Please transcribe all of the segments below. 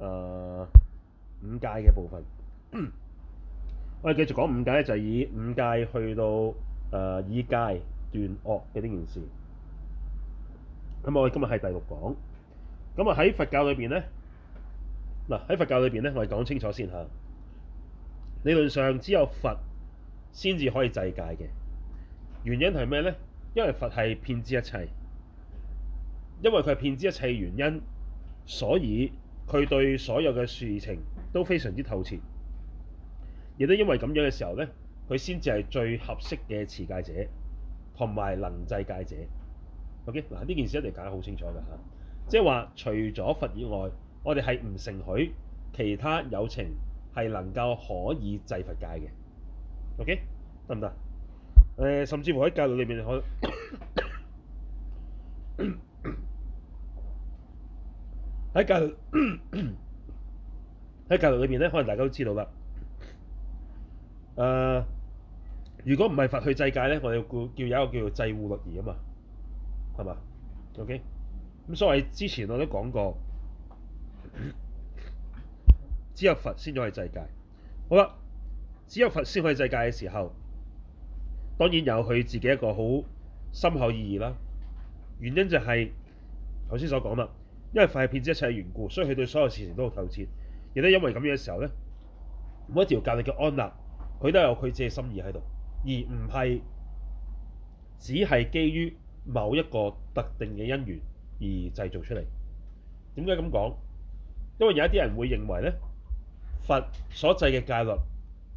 誒，uh, 五戒嘅部分， 我哋繼續講五戒咧，就以五戒去到誒以戒斷惡嘅呢件事。咁我哋今日係第六講。咁啊，喺佛教裏邊咧，嗱喺佛教裏邊咧，我哋講清楚先吓。理論上只有佛先至可以制戒嘅，原因係咩咧？因為佛係遍知一切，因為佢係遍知一切原因，所以。佢對所有嘅事情都非常之透徹，亦都因為咁樣嘅時候呢，佢先至係最合適嘅持戒者同埋能制戒，戒者。OK，嗱呢件事一定講得好清楚嘅吓、啊，即係話除咗佛以外，我哋係唔承許其他友情係能夠可以制佛戒嘅。OK，得唔得？誒、呃，甚至乎喺教律裏面可。 喺教喺教育裏邊咧，可能大家都知道啦。誒、呃，如果唔係佛去制戒咧，我哋叫有一個叫做制護律儀啊嘛，係嘛？OK。咁所以之前我都講過，只有佛先可去制戒。好啦，只有佛先去以制戒嘅時候，當然有佢自己一個好深厚意義啦。原因就係頭先所講啦。因為佛係遍知一切嘅緣故，所以佢對所有事情都好透徹，亦都因為咁樣嘅時候呢，每一條戒律嘅安立，佢都有佢自己心意喺度，而唔係只係基於某一個特定嘅因緣而製造出嚟。點解咁講？因為有一啲人會認為呢，佛所制嘅戒律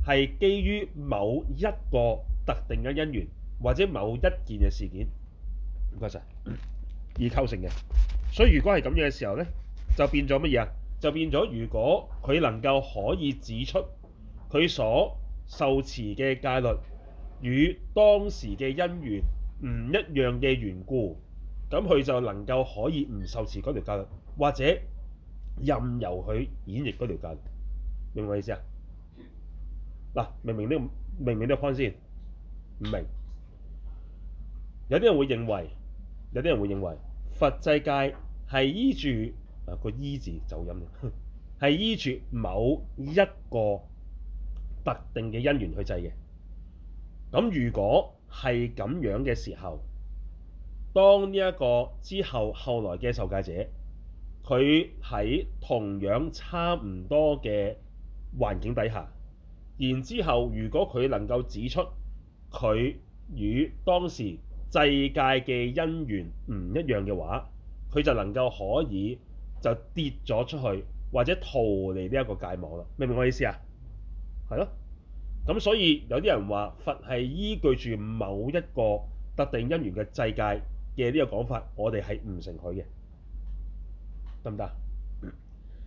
係基於某一個特定嘅因緣，或者某一件嘅事件。唔該晒。而構成嘅，所以如果係咁樣嘅時候咧，就變咗乜嘢啊？就變咗如果佢能夠可以指出佢所受持嘅戒律與當時嘅因緣唔一樣嘅緣故，咁佢就能夠可以唔受持嗰條戒律，或者任由佢演繹嗰條戒律，明唔明意思啊？嗱，明明呢個明明呢個 point 先唔明，有啲人會認為。有啲人會認為佛制戒係依住啊、這個依字走音嘅，係依住某一個特定嘅因緣去制嘅。咁如果係咁樣嘅時候，當呢一個之後後來嘅受戒者，佢喺同樣差唔多嘅環境底下，然之後如果佢能夠指出佢與當時世界嘅因緣唔一樣嘅話，佢就能夠可以就跌咗出去，或者逃離呢一個界網啦。明唔明我意思啊？係咯，咁所以有啲人話佛係依據住某一個特定因緣嘅世界嘅呢個講法，我哋係唔承許嘅，得唔得？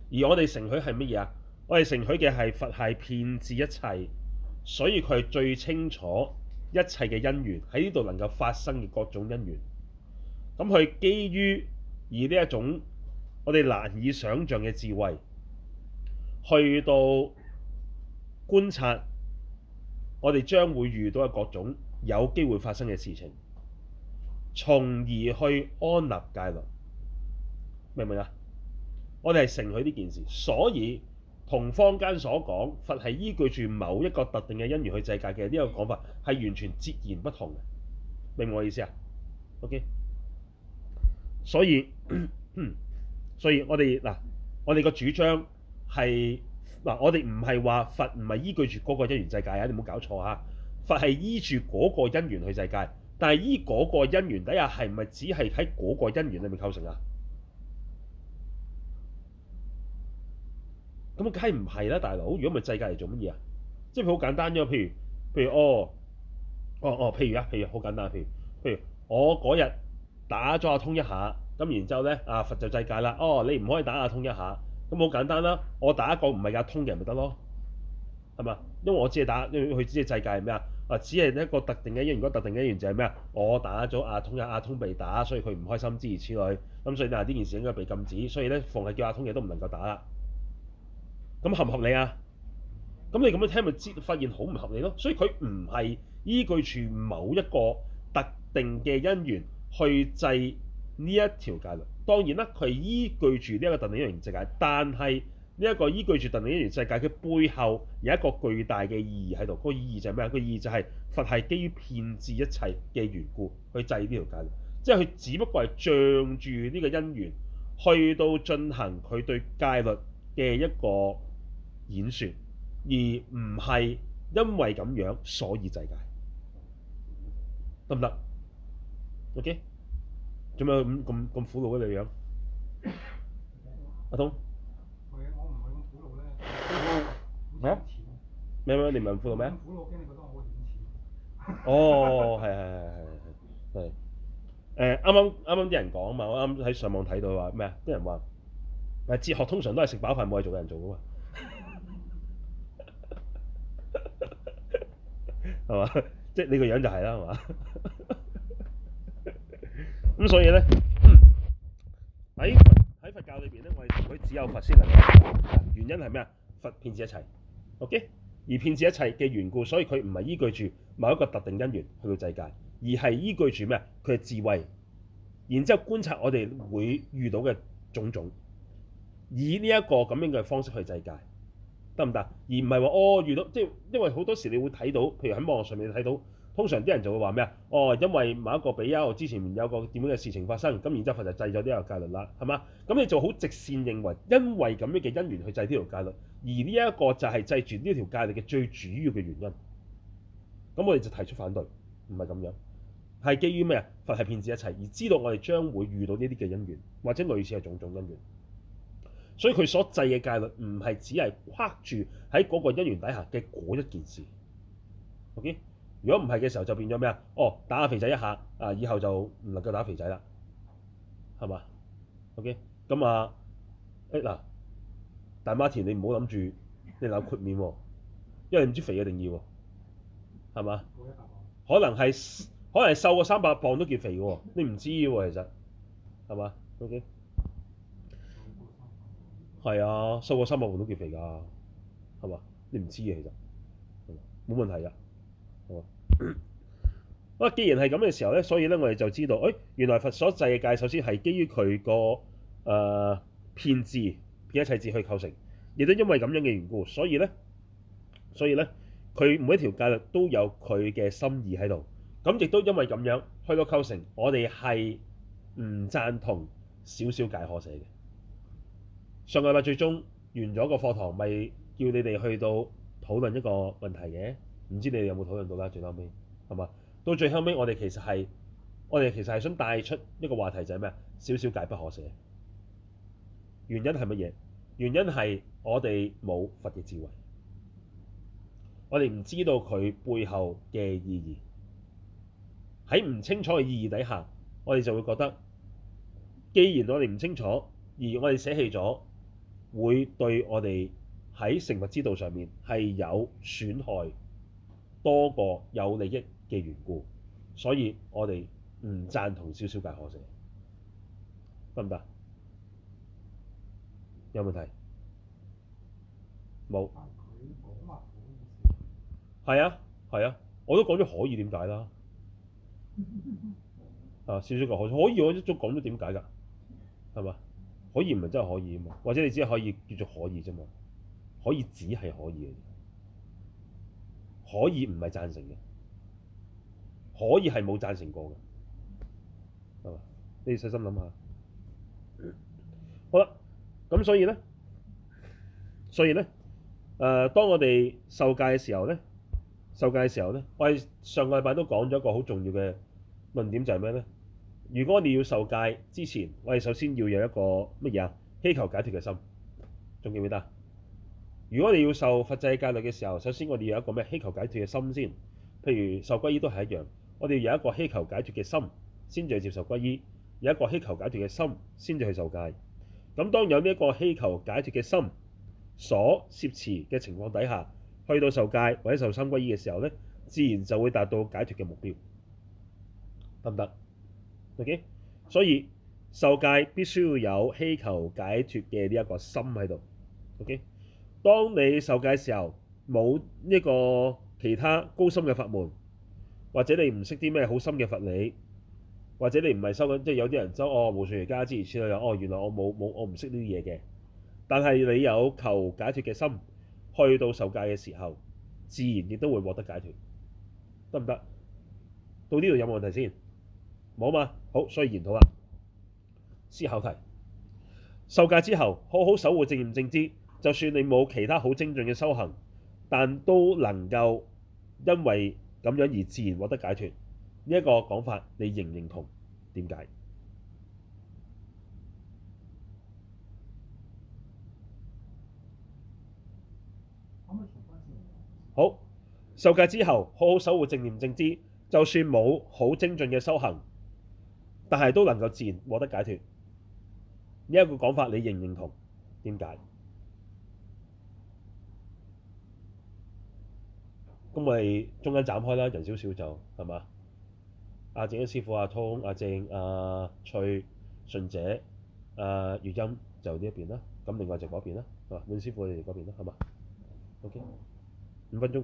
而我哋承許係乜嘢啊？我哋承許嘅係佛係遍知一切，所以佢係最清楚。一切嘅因緣喺呢度能夠發生嘅各種因緣，咁佢基於以呢一種我哋難以想像嘅智慧，去到觀察我哋將會遇到嘅各種有機會發生嘅事情，從而去安立戒律，明唔明啊？我哋係承許呢件事，所以。同坊間所講，佛係依據住某一個特定嘅因緣去制戒嘅呢個講法，係完全截然不同嘅。明唔明我意思啊？OK，所以，所以我哋嗱，我哋個主張係嗱，我哋唔係話佛唔係依據住嗰個因緣制戒啊，你冇搞錯啊！佛係依住嗰個因緣去制戒，但係依嗰個因緣底下係唔係只係喺嗰個因緣裏面構成啊？咁梗係唔係啦，大佬？如果唔係制戒嚟做乜嘢啊？即係好簡單啫。譬如譬如哦哦哦，譬如啊，譬如好簡單。譬如譬如我嗰日打咗阿通一下，咁然之後咧阿、啊、佛就制戒啦。哦，你唔可以打阿通一下。咁好簡單啦。我打一個唔係阿通嘅咪得咯，係嘛？因為我只係打，佢只係制戒係咩啊？啊，只係一個特定嘅，一樣，如果特定嘅一樣就係咩啊？我打咗阿通，阿通被打，所以佢唔開心諸如此類。咁所以嗱，呢件事應該被禁止。所以咧，逢係叫阿通嘅都唔能夠打啦。咁合唔合理啊？咁你咁樣聽咪知發現好唔合理咯、啊？所以佢唔係依據住某一個特定嘅因緣去制呢一條戒律。當然啦，佢係依據住呢一個特定因緣制戒。但係呢一個依據住特定因緣制戒，佢背後有一個巨大嘅意義喺度。個意義就係咩啊？個意義就係佛係基於騙置一切嘅緣故去制呢條戒律。即係佢只不過係仗住呢個因緣去到進行佢對戒律嘅一個。演説，而唔係因為咁樣，所以制戒得唔得？OK，做咩咁咁咁苦惱嘅你樣？阿通，係啊，我唔係咁苦惱咧。咩啊？咩咩？你問苦惱咩啊？苦惱，我驚你覺得我好揼錢。哦，係係係係係係。誒，啱啱啱啱啲人講啊嘛，我啱啱喺上網睇到話咩啊？啲人話誒，哲學通常都係食飽飯冇嘢做嘅人做噶嘛。係嘛？即係、就是、你個樣就係啦，係嘛？咁 所以咧，喺、嗯、喺佛教裏邊咧，我哋同佢只有佛先能。原因係咩啊？佛遍知一切，OK？而遍知一切嘅緣故，所以佢唔係依據住某一個特定因緣去到制戒，而係依據住咩啊？佢嘅智慧，然之後觀察我哋會遇到嘅種種，以呢一個咁樣嘅方式去制戒。得唔得？而唔係話哦，遇到即係因為好多時你會睇到，譬如喺網絡上面睇到，通常啲人就會話咩啊？哦，因為某一個比丘之前有個點樣嘅事情發生，咁然之後佛就制咗呢條戒律呢個戒律啦，係嘛？咁你就好直線認為，因為咁樣嘅因緣去制呢條戒律，而呢一個就係制住呢條戒律嘅最主要嘅原因。咁我哋就提出反對，唔係咁樣，係基於咩啊？佛係騙子一齊，而知道我哋將會遇到呢啲嘅因緣，或者類似係種種因緣。所以佢所制嘅戒律唔係只係框住喺嗰個因緣底下嘅嗰一件事，OK？如果唔係嘅時候就變咗咩啊？哦，打下肥仔一下，啊，以後就唔能夠打肥仔啦，係嘛？OK？咁啊，誒、欸、嗱，大媽田你唔好諗住你攬闊面喎，啊，因為唔知肥嘅定義喎，係嘛？可能係可能係瘦過三百磅都叫肥喎，你唔知喎，啊，其實，係嘛？OK？係啊，瘦個三百磅都結肥㗎，係嘛？你唔知嘅其實，冇問題嘅，係嘛？啊， 既然係咁嘅時候咧，所以咧我哋就知道，哎，原來佛所制嘅戒，首先係基於佢個誒偏知、偏、呃、一切知去構成。亦都因為咁樣嘅緣故，所以咧，所以咧，佢每一條戒律都有佢嘅心意喺度。咁亦都因為咁樣去到構成，我哋係唔贊同少少戒可捨嘅。上禮拜最終完咗個課堂，咪叫你哋去到討論一個問題嘅。唔知你哋有冇討論到啦？最後尾係嘛？到最後尾，我哋其實係我哋其實係想帶出一個話題就，就係咩？少少戒不可捨，原因係乜嘢？原因係我哋冇佛嘅智慧，我哋唔知道佢背後嘅意義。喺唔清楚嘅意義底下，我哋就會覺得，既然我哋唔清楚，而我哋捨棄咗。會對我哋喺食物之道上面係有損害多過有利益嘅緣故，所以我哋唔贊同少少戒可食，得唔得？有問題冇？係啊，係啊，我都講咗可以點解啦。啊，少少戒可食可以，我一早講咗點解㗎，係嘛？可以唔係真係可以啊嘛？或者你只係可以叫做可以啫嘛？可以只係可以嘅，可以唔係贊成嘅，可以係冇贊成過嘅，係嘛？你細心諗下，好啦。咁所以咧，所以咧，誒、呃，當我哋受戒嘅時候咧，受戒嘅時候咧，我哋上個禮拜都講咗一個好重要嘅論點就，就係咩咧？如果我哋要受戒之前，我哋首先要有一個乜嘢啊？希求解脫嘅心，仲記唔記得啊？如果你要受佛制戒律嘅時候，首先我哋有一個咩？希求解脫嘅心先。譬如受歸依都係一樣，我哋要有一個希求解脫嘅心，先至接受歸依；有一個希求解脫嘅心，先至去受戒。咁當有呢一個希求解脫嘅心所攝持嘅情況底下，去到受戒或者受三歸依嘅時候咧，自然就會達到解脫嘅目標，得唔得？OK，所以受戒必須要有希求解脫嘅呢一個心喺度。OK，當你受戒嘅時候冇呢個其他高深嘅法門，或者你唔識啲咩好深嘅佛理，或者你唔係修緊，即係有啲人走哦，無從而家之前似到有哦，原來我冇冇我唔識呢啲嘢嘅。但係你有求解脫嘅心，去到受戒嘅時候，自然亦都會獲得解脫，得唔得？到呢度有冇問題先？冇嘛，好，所以研討啦，思考題。受戒之後，好好守護正念正知，就算你冇其他好精進嘅修行，但都能夠因為咁樣而自然獲得解脱。呢一個講法，你認唔認同？點解？好，受戒之後，好好守護正念正知，就算冇好精進嘅修行。但係都能夠自然獲得解脱，呢一個講法你認唔認同？點解？咁我哋中間斬開啦，人少少就係嘛？阿正師傅、阿通、阿正、阿翠、順姐、阿語音就呢一邊啦，咁另外就嗰邊啦，啊滿師傅你哋嗰邊啦，係嘛？OK，五分鐘。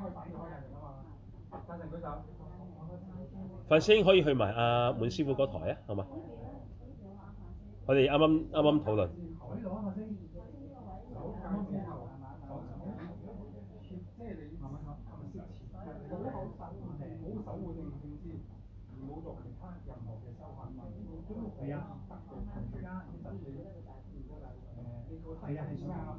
快成舉手，范師兄可以去埋阿滿師傅嗰台啊，好嘛？我哋啱啱啱啱討論。係啊。係啊係咩啊？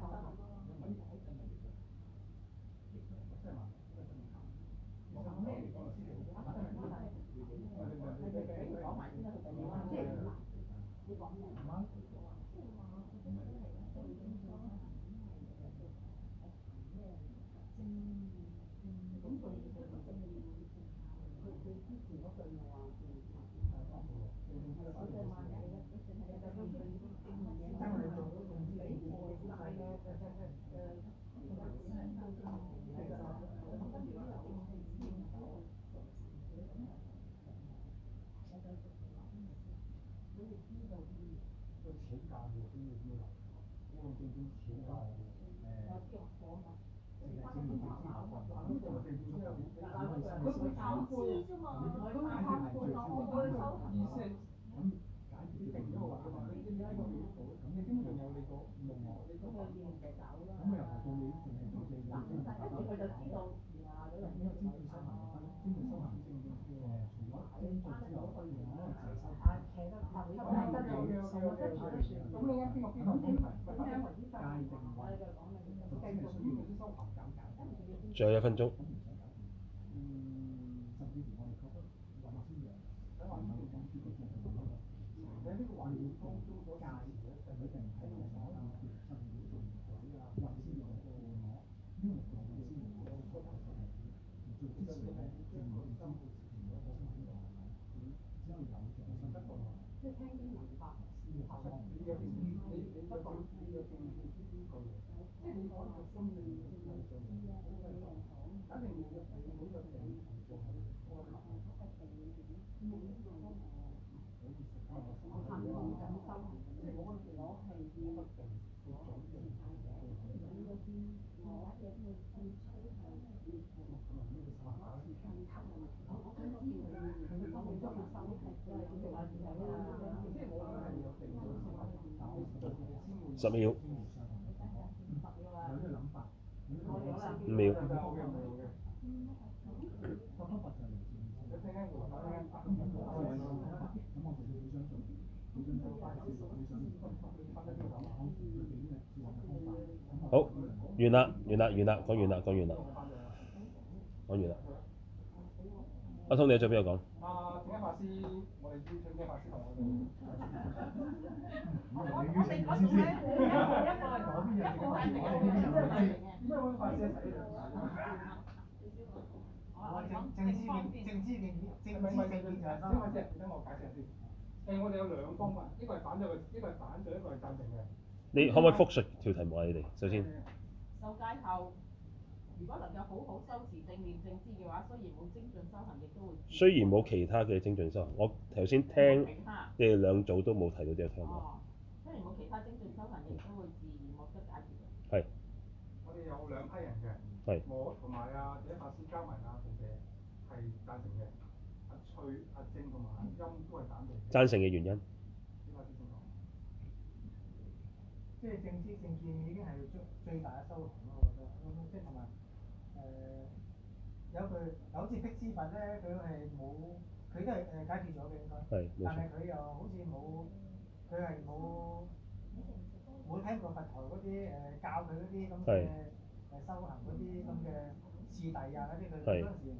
最後一分鐘。十秒，五秒，好，完啦，完啦，完啦，講完啦，講完啦，講完啦，阿聰你喺邊度講？ 我我哋嗰時咧，一個係左邊嘅，一個係右邊嘅。咁啊，正正知面，正知面，正知面。因為因為即係等我解釋先。誒，我哋有兩方啊，一個係反對嘅，一個係反對，一個係贊成嘅。你可唔可以複述條題目啊？我哋首先。受戒後，如果能夠好好收持正面正知嘅話，雖然冇精進修行亦都會。雖然冇其他嘅精進修行，我頭先聽你哋兩組都冇提到呢個 topic。冇其他精進修行嘅，應該會自然獲得解決嘅。係是。我哋有兩批人嘅。係是。我同埋啊，第一發先交埋啊，同事係贊成嘅。阿翠、阿正同埋阿陰都係贊成。贊成嘅原因？即係政治政見已經係最最大嘅修行咯，我覺得。咁即係同埋誒有一句，好、呃、似迫之法咧，佢係冇，佢都係誒解決咗嘅應該。係，冇錯。但係佢又好似冇。佢係冇冇聽過佛堂嗰啲，誒教佢嗰啲咁嘅誒修行嗰啲咁嘅次第啊，嗰啲，佢嗰陣時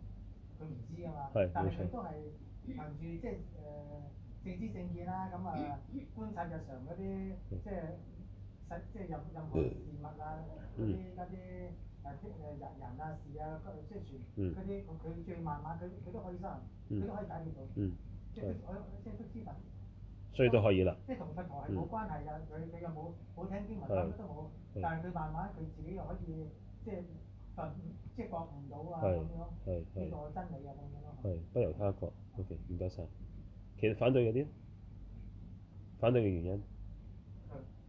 佢唔知啊嘛。但係佢都係憑住即係誒正知正見啦，咁啊觀察日常嗰啲即係實即係任任何事物啊嗰啲嗰啲誒誒人啊事啊，即係全嗰啲佢佢最慢慢，佢佢都可以修行，佢都可以解決到，即係佢佢所以都可以啦。即係同佛堂係冇關係嘅，佢佢又冇好聽經文，乜都冇。但係佢慢慢佢自己又可以，即係即係覺唔到啊咁樣咯。呢個真理啊咁樣咯。係不由他覺。O.K. 唔該晒。其實反對有啲，反對嘅原因。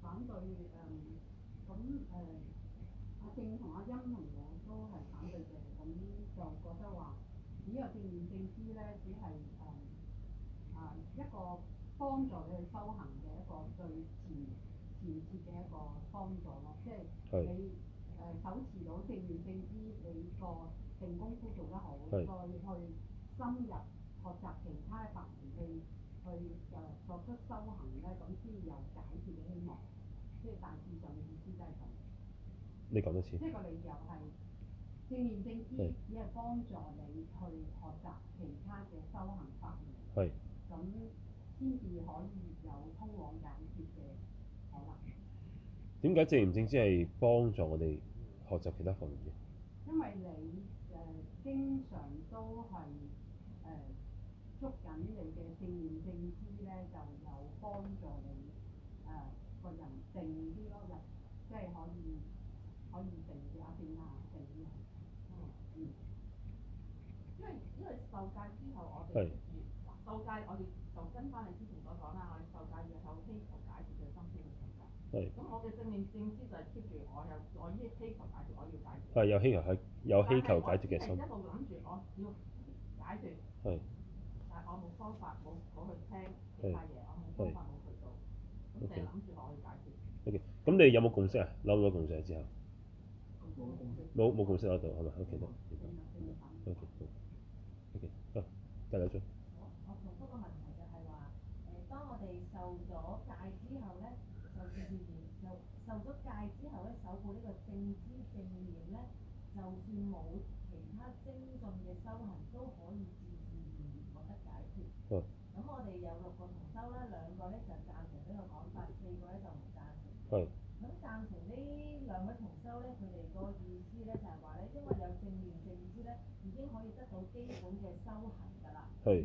反對咁誒，阿正同阿欣同我都係反對嘅，咁就覺得話只有正面正知咧，只係誒啊一個。幫助你去修行嘅一個最前前設嘅一個幫助咯，即係你誒、呃、手持到正念正知，你個定功夫做得好，是再去深入學習其他嘅法門嘅，你去誒、呃、作出修行咧，咁先有解決嘅希望。即係大致上嘅意思都係咁，你講多次。即係個理由係正念正知，是只係幫助你去學習其他嘅修行法門。係是。咁。先至可以有通往解脫嘅可能。點解正念正知即係幫助我哋學習其他行業？因為你誒、呃、經常都係誒、呃、捉緊你嘅正念正知咧，就有幫助你誒、呃、個人靜啲咯，即係可以可以靜下啲啊，靜啊、嗯，因為因為受戒之後我，是我哋受戒我哋。跟翻你之前所講啦，我受教要有需求解決嘅心先會成交。係。咁我嘅正面正知就係 keep 住，我有我依啲需求解決，我要解決。係有需求係有需求解決嘅心。係一路諗住我要解決。係。但係我冇方法，冇冇去聽其他嘢，我冇方法冇去到。O K。諗住我去解決。O K。咁你有冇共識啊？諗唔到共識之後。冇冇共識攞到係咪？O K 好。O K 好。O K。啊，得兩張。就算冇其他精進嘅修行，都可以自自然然獲得解決。咁我哋有六個同修啦，兩個咧就贊成呢個講法，四個咧就唔贊成。係是。咁贊成呢兩位同修咧，佢哋個意思咧就係話咧，因為有正念正知咧，已經可以得到基本嘅修行㗎啦。係。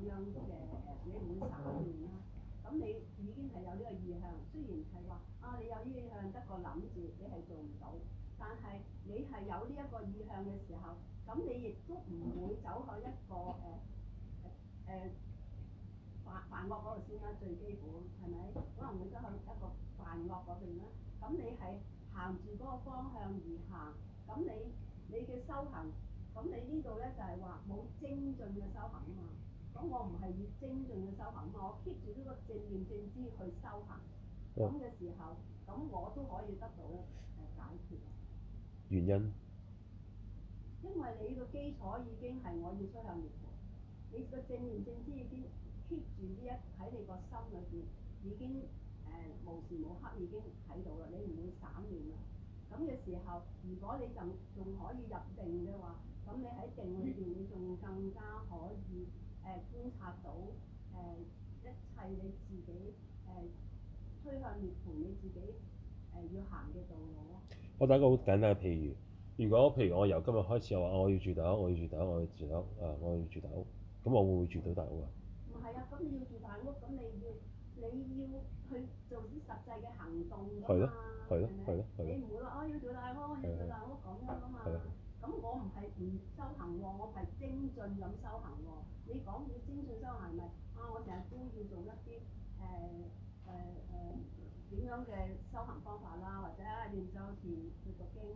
咁樣嘅你唔會散亂啦。咁你已經係有呢個意向，雖然係話啊，你有呢個意向得個諗住，你係做唔到。但係你係有呢一個意向嘅時候，咁你亦都唔會走去一個誒誒犯犯惡嗰度先啦。最基本係咪？可能會走去一個犯惡嗰邊啦。咁你係行住嗰個方向而行，咁你你嘅修行，咁你呢度咧就係話冇精進嘅修行啊嘛。咁我唔係以精進嘅修行，我 keep 住呢個正念正知去修行，咁嘅、oh. 時候，咁我都可以得到誒解決。原因？因為你個基礎已經係我要出後面，你個正念正知已經 keep 住呢一喺你個心裏邊已經誒、呃、無時無刻已經睇到啦，你唔會散亂啦。咁嘅時候，如果你就仲可以入定嘅話，咁你喺定裏邊，你仲更加可以。誒、呃、觀察到誒、呃、一切你自己誒趨、呃、向涅槃你自己誒、呃、要行嘅道路啊！我第一個好簡單嘅譬如，如果譬如我由今日開始我話我要住大屋，我要住大屋，我要住大屋、呃、我要住大屋，咁我會唔會住到大屋啊？唔係啊，咁你要住大屋，咁你要你要去做啲實際嘅行動㗎嘛？係咯係咯係咯，你唔會話我、哦、要住大屋，我要住大屋咁樣啊嘛？咁我唔係唔修行喎，我係精進咁修行。的你講嘅精進修行咪啊？我成日都要做一啲誒誒誒點樣嘅修行方法啦，或者練咒去讀經、誒、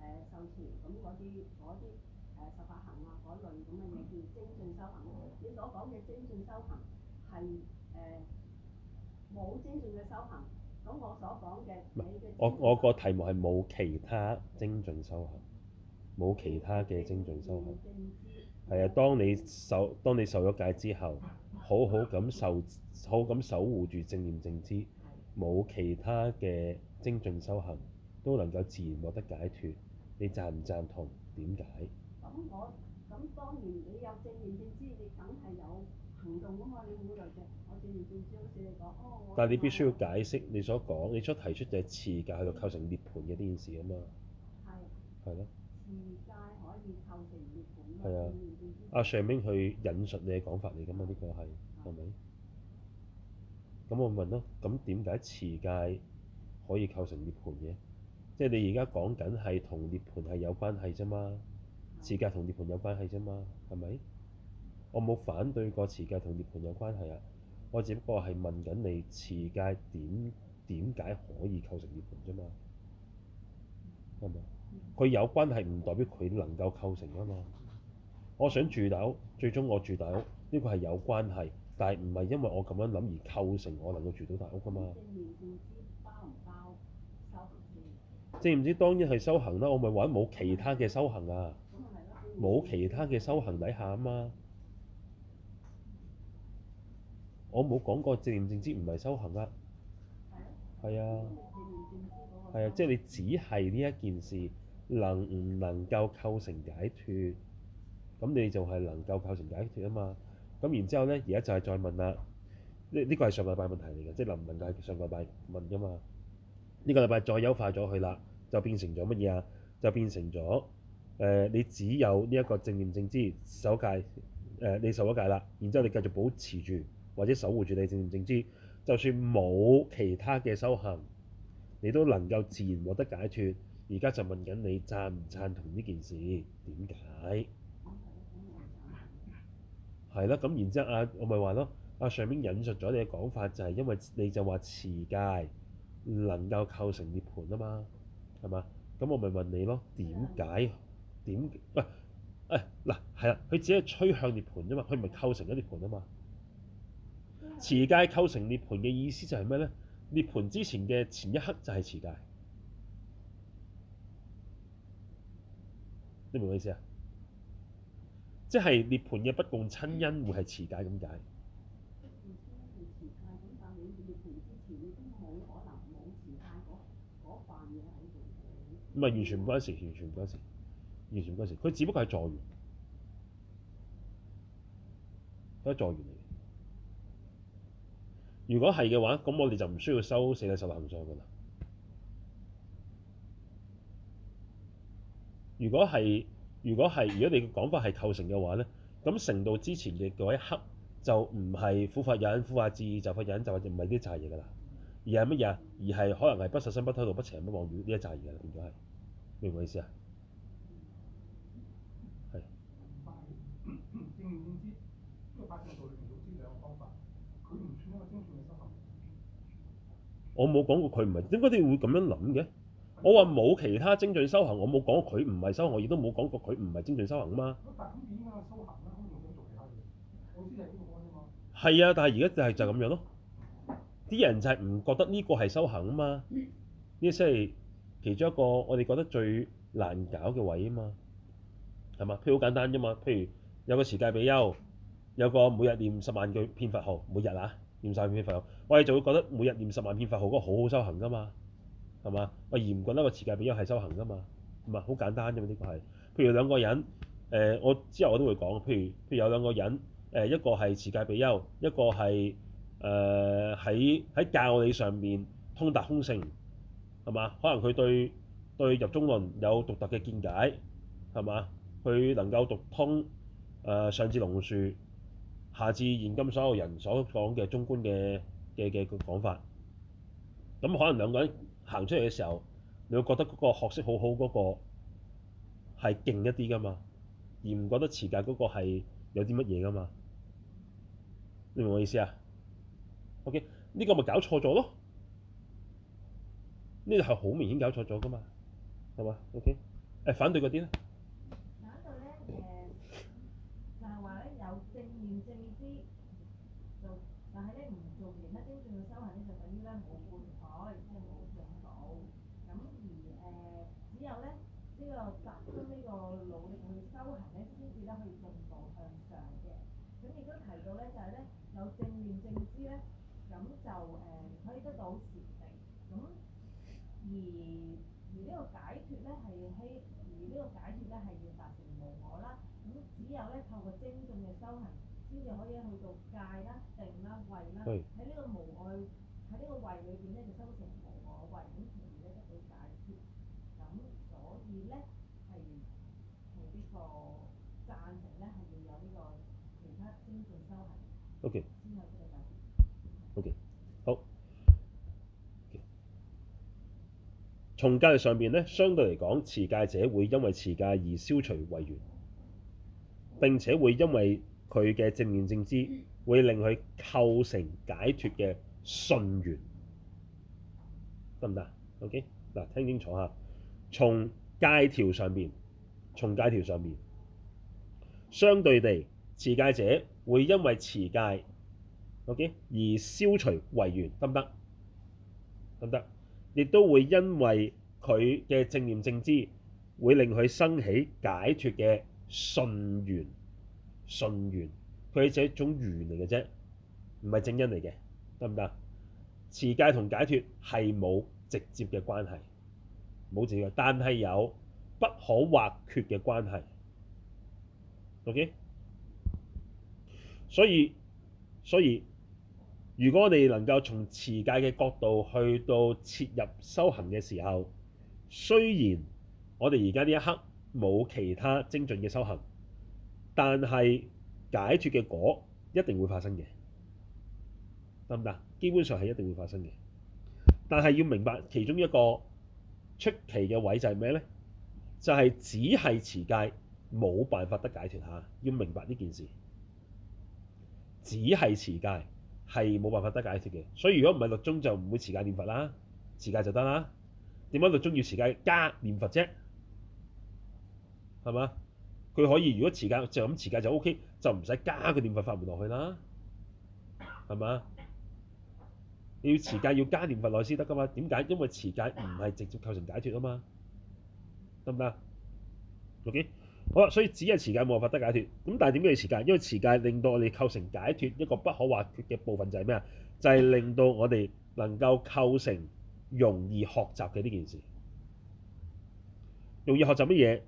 呃、咒詞咁，嗰啲嗰啲誒十法行啊嗰類咁嘅嘢叫精進修行。你所講嘅精進修行係誒冇精進嘅修行。咁我所講嘅你嘅我我個題目係冇其他精進修行，冇其他嘅精進修行。進係啊，當你受當你受咗戒之後，好好咁守好咁守護住正念正知，冇其他嘅精進修行，都能夠自然獲得解脫。你贊唔贊同？點解？咁我咁當然你有正念正知，你梗係有行動噶嘛？我正念正知好似你講，哦、但係你必須要解釋你所講，你所提出嘅「次界喺度構成涅盤嘅呢件事啊嘛。係的。係咯了。次係啊。阿、啊、上面去引述你嘅講法嚟㗎嘛？呢、這個係係咪？咁我問咯，咁點解次界可以構成涅槃嘅？即係你而家講緊係同涅槃係有關係啫嘛？次界同涅槃有關係啫嘛？係咪？我冇反對過次界同涅槃有關係啊！我只不過係問緊你次界點點解可以構成涅槃啫嘛？係咪？佢有關係唔代表佢能夠構成㗎嘛？我想住大屋，最終我住大屋，呢、這個係有關係，但係唔係因為我咁樣諗而構成我能夠住到大屋噶嘛？知唔知包，當然係修行啦，我咪話冇其他嘅修行啊，冇其他嘅修行底下啊嘛。我冇講過，正唔知唔係修行啊？係啊，係啊，即係、啊就是、你只係呢一件事能唔能夠構成解脫？咁你就係能夠靠神解決啊嘛。咁然之後呢，而家就係再問啦。呢、這、呢個係上個拜問題嚟嘅，即係臨文界上個拜問㗎嘛。呢、這個禮拜再優化咗佢啦，就變成咗乜嘢啊？就變成咗誒、呃，你只有呢一個正念正知守戒誒、呃，你受咗戒啦，然之後你繼續保持住或者守護住你正念正知，就算冇其他嘅修行，你都能夠自然獲得解脫。而家就問緊你贊唔贊同呢件事？點解？係啦，咁然之後啊，我咪話咯，啊上面引述咗你嘅講法就係因為你就話持戒能夠構成涅槃啊嘛，係、哎哎、嘛？咁我咪問你咯，點解？點？喂，誒嗱係啊，佢只係趨向涅槃啫嘛，佢唔係構成咗涅槃啊嘛。持戒構成涅槃嘅意思就係咩咧？涅槃之前嘅前一刻就係持戒，你明唔明意思啊？即係涅槃嘅不共親因會係辭解咁解？唔係，完全唔關事，完全唔關事，完全唔關事。佢只不過係助緣，都係助緣嚟。如果係嘅話，咁我哋就唔需要修四諦十六行相噶啦。如果係。如果係，如果你嘅講法係構成嘅話咧，咁成到之前嘅嗰一刻就唔係苦法忍苦法智就法忍就或者唔係啲雜嘢噶啦，而係乜嘢？而係可能係不殺生、不偷盜、不邪不妄語呢一雜嘢啦，變咗係，明我意思啊？係。我冇講過佢唔係，點解你會咁樣諗嘅？我話冇其他精進修行，我冇講佢唔係修行，我亦都冇講過佢唔係精進修行啊嘛。係啊，但係而家就係就咁樣咯。啲人就係唔覺得呢個係修行啊嘛。呢即係其中一個我哋覺得最難搞嘅位啊嘛。係嘛？譬如好簡單啫嘛。譬如有個持戒比丘，有個每日唸十萬句遍佛號，每日啊唸曬片佛號，我哋就會覺得每日唸十萬片佛號嗰個好好修行噶嘛。係嘛？我嚴講啦，個持戒比丘係修行噶嘛，唔係好簡單啫嘛。呢、這個係譬如兩個人，誒、呃，我之後我都會講。譬如譬如有兩個人，誒、呃，一個係持戒比丘，一個係誒喺喺教理上面通達空性，係嘛？可能佢對對入中論有獨特嘅見解，係嘛？佢能夠讀通誒、呃、上至龍樹，下至現今所有人所講嘅中觀嘅嘅嘅講法，咁可能兩個人。行出嚟嘅時候，你會覺得嗰個學識好好，嗰個係勁一啲噶嘛，而唔覺得持戒嗰個係有啲乜嘢噶嘛，你明我意思啊？OK，呢個咪搞錯咗咯，呢、呢個係好明顯搞錯咗噶嘛，係嘛？OK，誒、欸、反對嗰啲咧。即戒啦、喺呢個無礙，喺呢個胃裏邊咧，就修成個無我，胃，咁所以咧係同呢個贊同咧係會有呢個其他經絡收喺。O K。好。Okay. 從戒律上邊咧，相對嚟講，持戒者會因為持戒而消除違緣，並且會因為佢嘅正念正知會令佢構成解脱嘅信緣，得唔得？OK 嗱，聽清楚吓。從戒條上面，從戒條上面，相對地持戒者會因為持戒 OK 而消除違緣，得唔得？得唔得？亦都會因為佢嘅正念正知會令佢生起解脱嘅信緣。順緣，佢係一種緣嚟嘅啫，唔係正因嚟嘅，得唔得？持戒同解脱係冇直接嘅關係，冇直接，但係有不可或缺嘅關係。OK，所以所以，如果我哋能夠從持戒嘅角度去到切入修行嘅時候，雖然我哋而家呢一刻冇其他精進嘅修行。但係解脫嘅果一定會發生嘅，得唔得？基本上係一定會發生嘅。但係要明白其中一個出奇嘅位就係咩呢？就係、是、只係持戒冇辦法得解脫嚇。要明白呢件事，只係持戒係冇辦法得解脫嘅。所以如果唔係律宗就唔會持戒念佛啦，持戒就得啦。點解律宗要持戒加念佛啫？係嘛？佢可以，如果持戒就咁持戒就 OK，就唔使加個念佛法門落去啦，係嘛？你要持戒要加念佛落去先得噶嘛？點解？因為持戒唔係直接構成解脱啊嘛，得唔得？OK，好啦，所以只係持戒冇辦法得解脱。咁但係點解要持戒？因為持戒令到我哋構成解脱一個不可或缺嘅部分就係咩啊？就係令到我哋能夠構成容易學習嘅呢件事。容易學習乜嘢？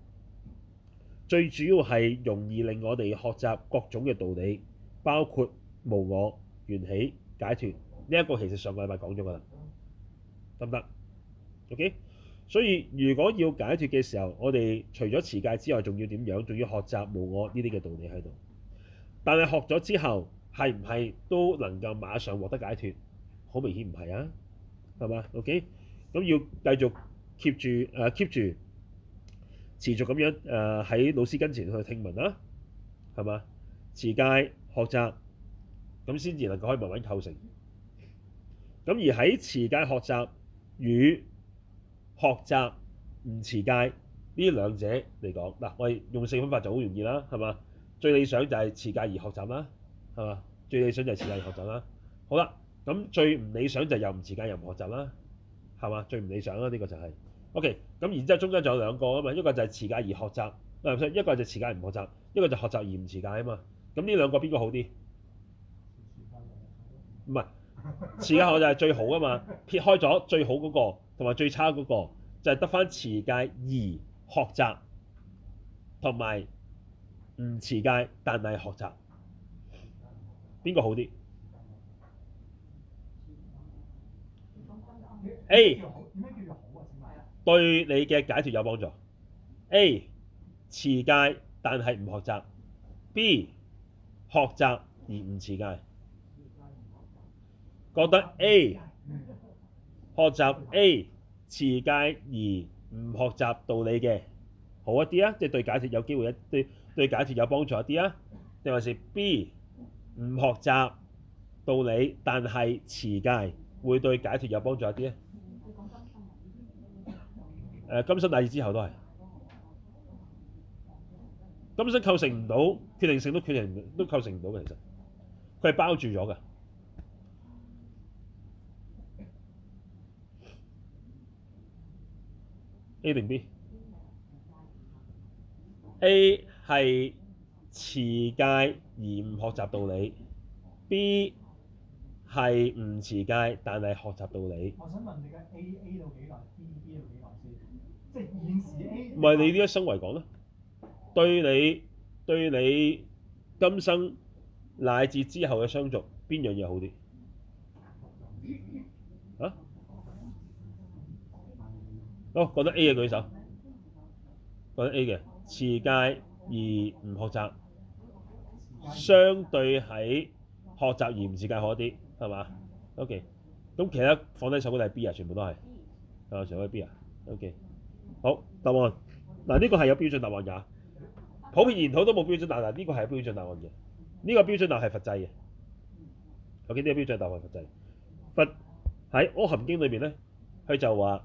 最主要係容易令我哋學習各種嘅道理，包括無我、緣起、解脱呢一、這個其實上個禮拜講咗噶啦，得唔得？OK，所以如果要解脱嘅時候，我哋除咗持戒之外，仲要點樣？仲要學習無我呢啲嘅道理喺度。但係學咗之後，係唔係都能夠馬上獲得解脱？好明顯唔係啊，係嘛？OK，咁要繼續 keep 住誒、uh, keep 住。持續咁樣誒喺老師跟前去聽聞啦，係嘛？持戒學習咁先至能夠可以慢慢構成。咁而喺持戒學習與學習唔持戒呢兩者嚟講，嗱我哋用四分法就好容易啦，係嘛？最理想就係持戒而學習啦，係嘛？最理想就係持戒而學習啦。好啦，咁最唔理想就又唔持戒又唔學習啦，係嘛？最唔理想啦，呢個就係。OK，咁然之後中間仲有兩個啊嘛，一個就係持戒而學習，係唔係？一個就係持戒唔學習，一個就學習而唔持戒啊嘛。咁呢兩個邊個好啲？唔係 持戒學習就係最好啊嘛。 撇開咗最好嗰、那個同埋最差嗰、那個，就係得翻持戒而學習同埋唔持戒但係學習，邊個好啲？a 對你嘅解脫有幫助。A. 持戒但係唔學習。B. 學習而唔持戒。覺得 A. 學習 A. 持戒而唔學習道理嘅好一啲啊，即、就、係、是、對解脫有機會一啲，對解脫有幫助一啲啊。定、就、還是 B. 唔學習道理但係持戒，會對解脫有幫助一啲啊？誒金身第二之後都係金身構成唔到，決定性都決定都構成唔到嘅。其實佢係包住咗嘅。A 定 B？A 係持戒而唔學習道理，B 係唔持戒但係學習道理。我想問你嘅 A A 到幾耐，B B 到幾耐先？即現時 A，唔係你呢一生嚟講啦。對你對你今生乃至之後嘅相續，邊樣嘢好啲啊？好、oh，覺得 A 嘅舉手，覺得 A 嘅持戒而唔學習，相對喺學習而唔持戒好啲，係嘛？OK，咁其他放低手嘅係 B 啊，全部都係啊，全部係 B 啊，OK。好答案嗱呢個係有標準答案㗎，普遍研討都冇標準答案，呢個係有標準答案嘅。呢個標準答案係佛制嘅。Ok，呢個標準答案係佛制。佛喺《阿含經》裏面咧，佢就話：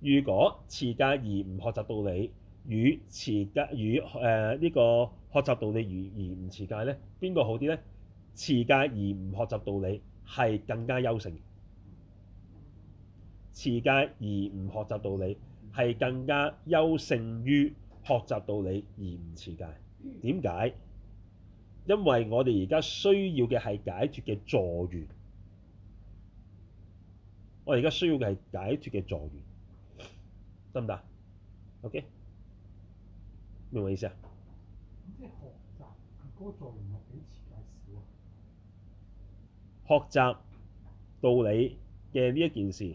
如果持戒而唔學習道理，與持戒與誒呢個學習道理而而唔持戒咧，邊個好啲咧？持戒而唔學習道理係更加優勝。持戒而唔學習道理。係更加優勝於學習道理而唔持戒。點解？因為我哋而家需要嘅係解脫嘅助緣。我哋而家需要嘅係解脫嘅助緣，得唔得？OK，明我意思啊？咁即學，學習道理嘅呢一件事。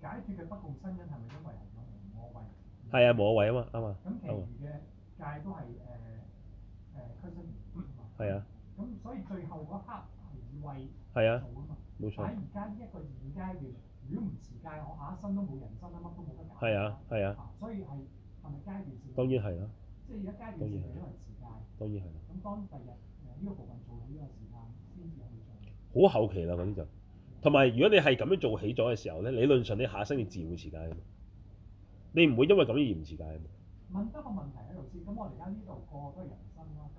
解決嘅不共身因係咪因為係咗無我位？係啊，無我位啊嘛，啱啊。咁，其餘嘅界都係誒誒區分唔同啊。係啊。咁所以最後嗰一刻係為做啊，冇錯。喺而家呢一個現階段，如果唔自戒，我下一生都冇人生乜都冇得解。係啊，係啊。所以係係咪階段？先、啊啊？當然係啦、啊。即係而家階段，自然都係持戒。當然係啦。咁當第日呢個部分做呢之後，自先至有做題？好後期啦、啊，嗰就。同埋，如果你係咁樣做起咗嘅時候咧，理論上你下一生你自然會持戒嘅，你唔會因為咁而唔持戒啊。問多個問題喺度先。咁我哋而家呢度過嘅都係人生啦。咁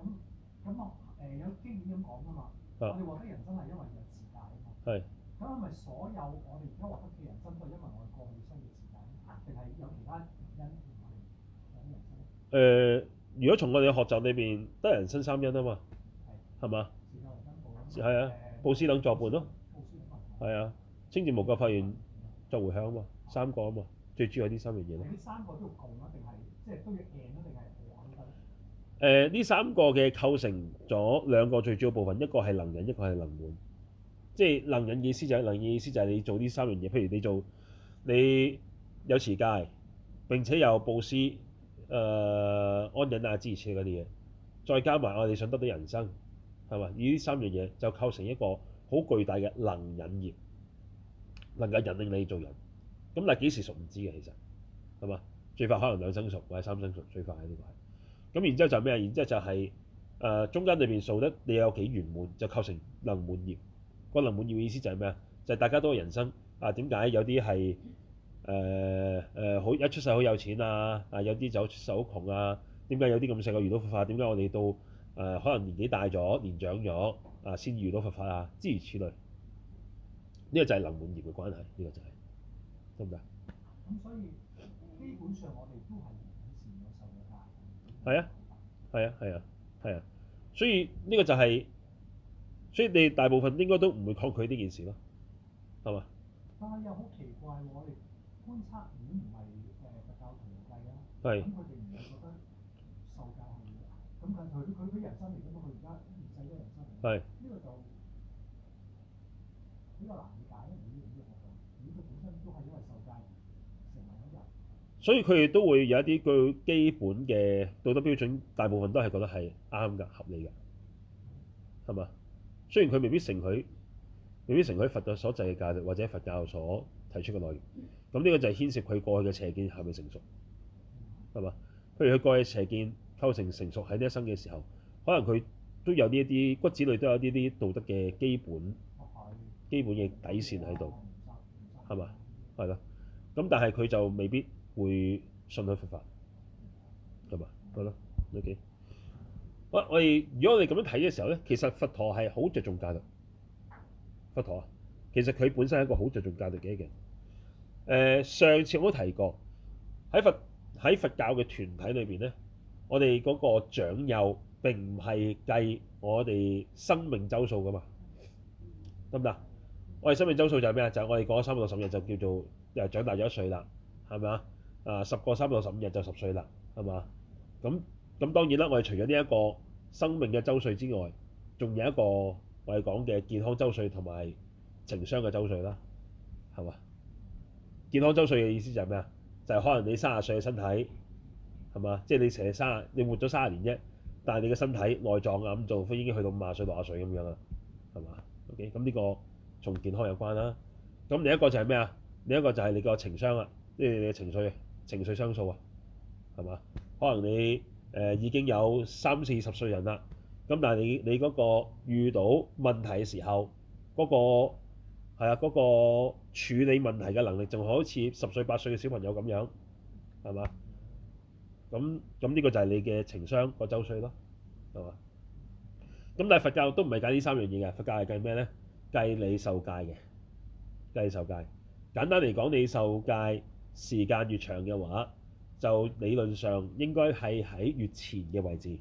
咁啊，誒有經典咁講㗎嘛。我哋獲得人生係因為要持戒啊嘛。係。咁係咪所有我哋而家獲得嘅人生都係因為我哋過去生嘅持戒定係有其他原因？誒，如果從我哋嘅學習裏邊得人生三因啊嘛，係嘛？係啊，布施等助伴咯。係啊，清節無咎，發願就回向啊嘛，三個啊嘛，最主要係呢三樣嘢咯。呢、呃、三個都共啊，定係即係都要贏，誒，呢三個嘅構成咗兩個最主要部分，一個係能忍，一個係能換。即係能忍意思就係、是、能意思就係你做呢三樣嘢，譬如你做你有持戒，並且有布施、誒、呃、安忍啊、支持嗰啲嘢，再加埋我哋想得到人生，係嘛？呢三樣嘢就構成一個。好巨大嘅能引業，能夠引領你做人，咁嗱幾時熟唔知嘅，其實係嘛？最快可能兩生熟，或者三生熟，最快呢個係。咁然之後就咩啊？然之後就係、是、誒、呃、中間裏邊熟得你有幾圓滿，就構成能滿業。個能滿業嘅意思就係咩啊？就係、是、大家都人生啊，點解有啲係誒誒好一出世好有錢啊？啊有啲就出世好窮啊？點解有啲咁細個遇到佛法？點解我哋到誒、呃、可能年紀大咗，年長咗？啊！先遇到佛法啊，諸如此類，呢、這個就係能滿業嘅關係，呢、這個就係得唔得？咁、嗯、所以基本上我哋都係改啊，係啊，係啊，係啊，所以呢個就係、是，所以你大部分應該都唔會抗拒呢件事咯，係嘛？但係、啊、又好奇怪我、啊、哋觀察唔係佛教同是係。所以佢亦都會有一啲佢基本嘅道德標準，大部分都係覺得係啱㗎、合理嘅，係嘛？雖然佢未必承許，未必承許佛教所製嘅價值或者佛教所提出嘅內容。咁呢個就牽涉佢過去嘅邪見係咪成熟？係嘛？譬如佢過去嘅邪見構成成熟喺呢一生嘅時候，可能佢都有呢一啲骨子裏，都有呢啲道德嘅基本、基本嘅底線喺度，係嘛？係咯。咁但係佢就未必會信仰佛法，係嘛？係咯。OK。我我哋如果我哋咁樣睇嘅時候咧，其實佛陀係好着重戒律。佛陀啊，其實佢本身係一個好着重戒律嘅人。誒、呃，上次我都提過喺佛喺佛教嘅團體裏邊咧，我哋嗰個長幼。並唔係計我哋生命週數㗎嘛，得唔得？我哋生命週數就係咩啊？就係、我哋過咗三到十日就叫做又長大咗一歲啦，係咪啊？啊、呃，十個三到十五日就十歲啦，係嘛？咁咁當然啦，我哋除咗呢一個生命嘅週歲之外，仲有一個我哋講嘅健康週歲同埋情商嘅週歲啦，係嘛？健康週歲嘅意思就係咩啊？就係、是、可能你三十歲嘅身體係嘛？即係、就是、你成日三十你活咗三十年啫。但係你嘅身體內臟啊，咁做已經去到五廿歲六廿歲咁樣啊，係嘛？O K，咁呢個同健康有關啦、啊。咁另一個就係咩啊？另一個就係你個情商啊，即係你嘅情緒、情緒商數啊，係嘛？可能你誒、呃、已經有三四十歲人啦，咁但係你你嗰個遇到問題嘅時候，嗰、那個係啊嗰、那個處理問題嘅能力，仲好似十歲八歲嘅小朋友咁樣，係嘛？咁咁呢個就係你嘅情商個周歲咯，係嘛？咁但係佛教都唔係計呢三樣嘢嘅，佛教係計咩咧？計你受戒嘅，計受戒。簡單嚟講，你受戒時間越長嘅話，就理論上應該係喺越前嘅位置，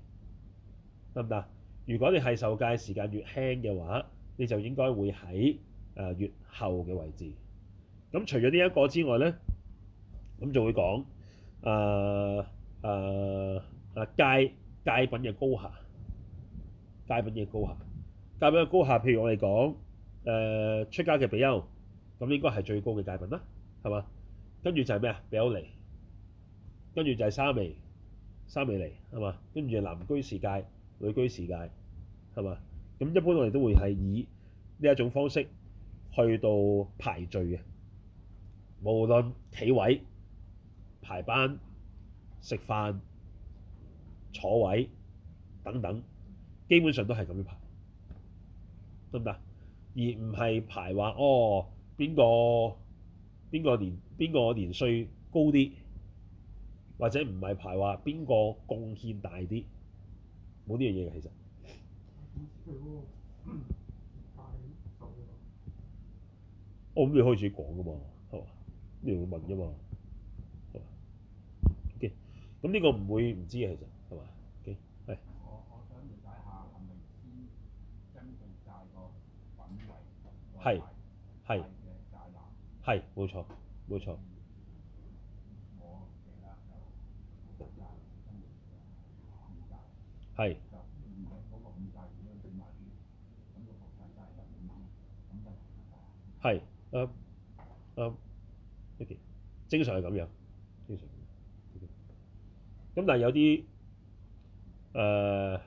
得唔得？如果你係受戒時間越輕嘅話，你就應該會喺誒越後嘅位置。咁除咗呢一個之外咧，咁就會講誒。呃誒啊、uh, 戒戒品嘅高下，戒品嘅高下，戒品嘅高下。譬如我哋講誒出家嘅比丘，咁應該係最高嘅戒品啦，係嘛？跟住就係咩啊？比丘尼，跟住就係沙彌，沙彌尼，係嘛？跟住男居士戒，女居士戒，係嘛？咁一般我哋都會係以呢一種方式去到排序嘅，無論企位排班。食飯、坐位等等，基本上都係咁樣排，得唔得？而唔係排話哦，邊個邊個年邊個年歲高啲，或者唔係排話邊個貢獻大啲，冇呢樣嘢嘅其實。我諗你開始講噶嘛，係嘛？你會問噶嘛。咁呢個唔會唔知嘅，其實係嘛？OK，係。我我想了解下係咪先真正大個品位？係係係，冇錯冇錯。係。係。誒誒，OK，正常係咁樣。咁但係有啲誒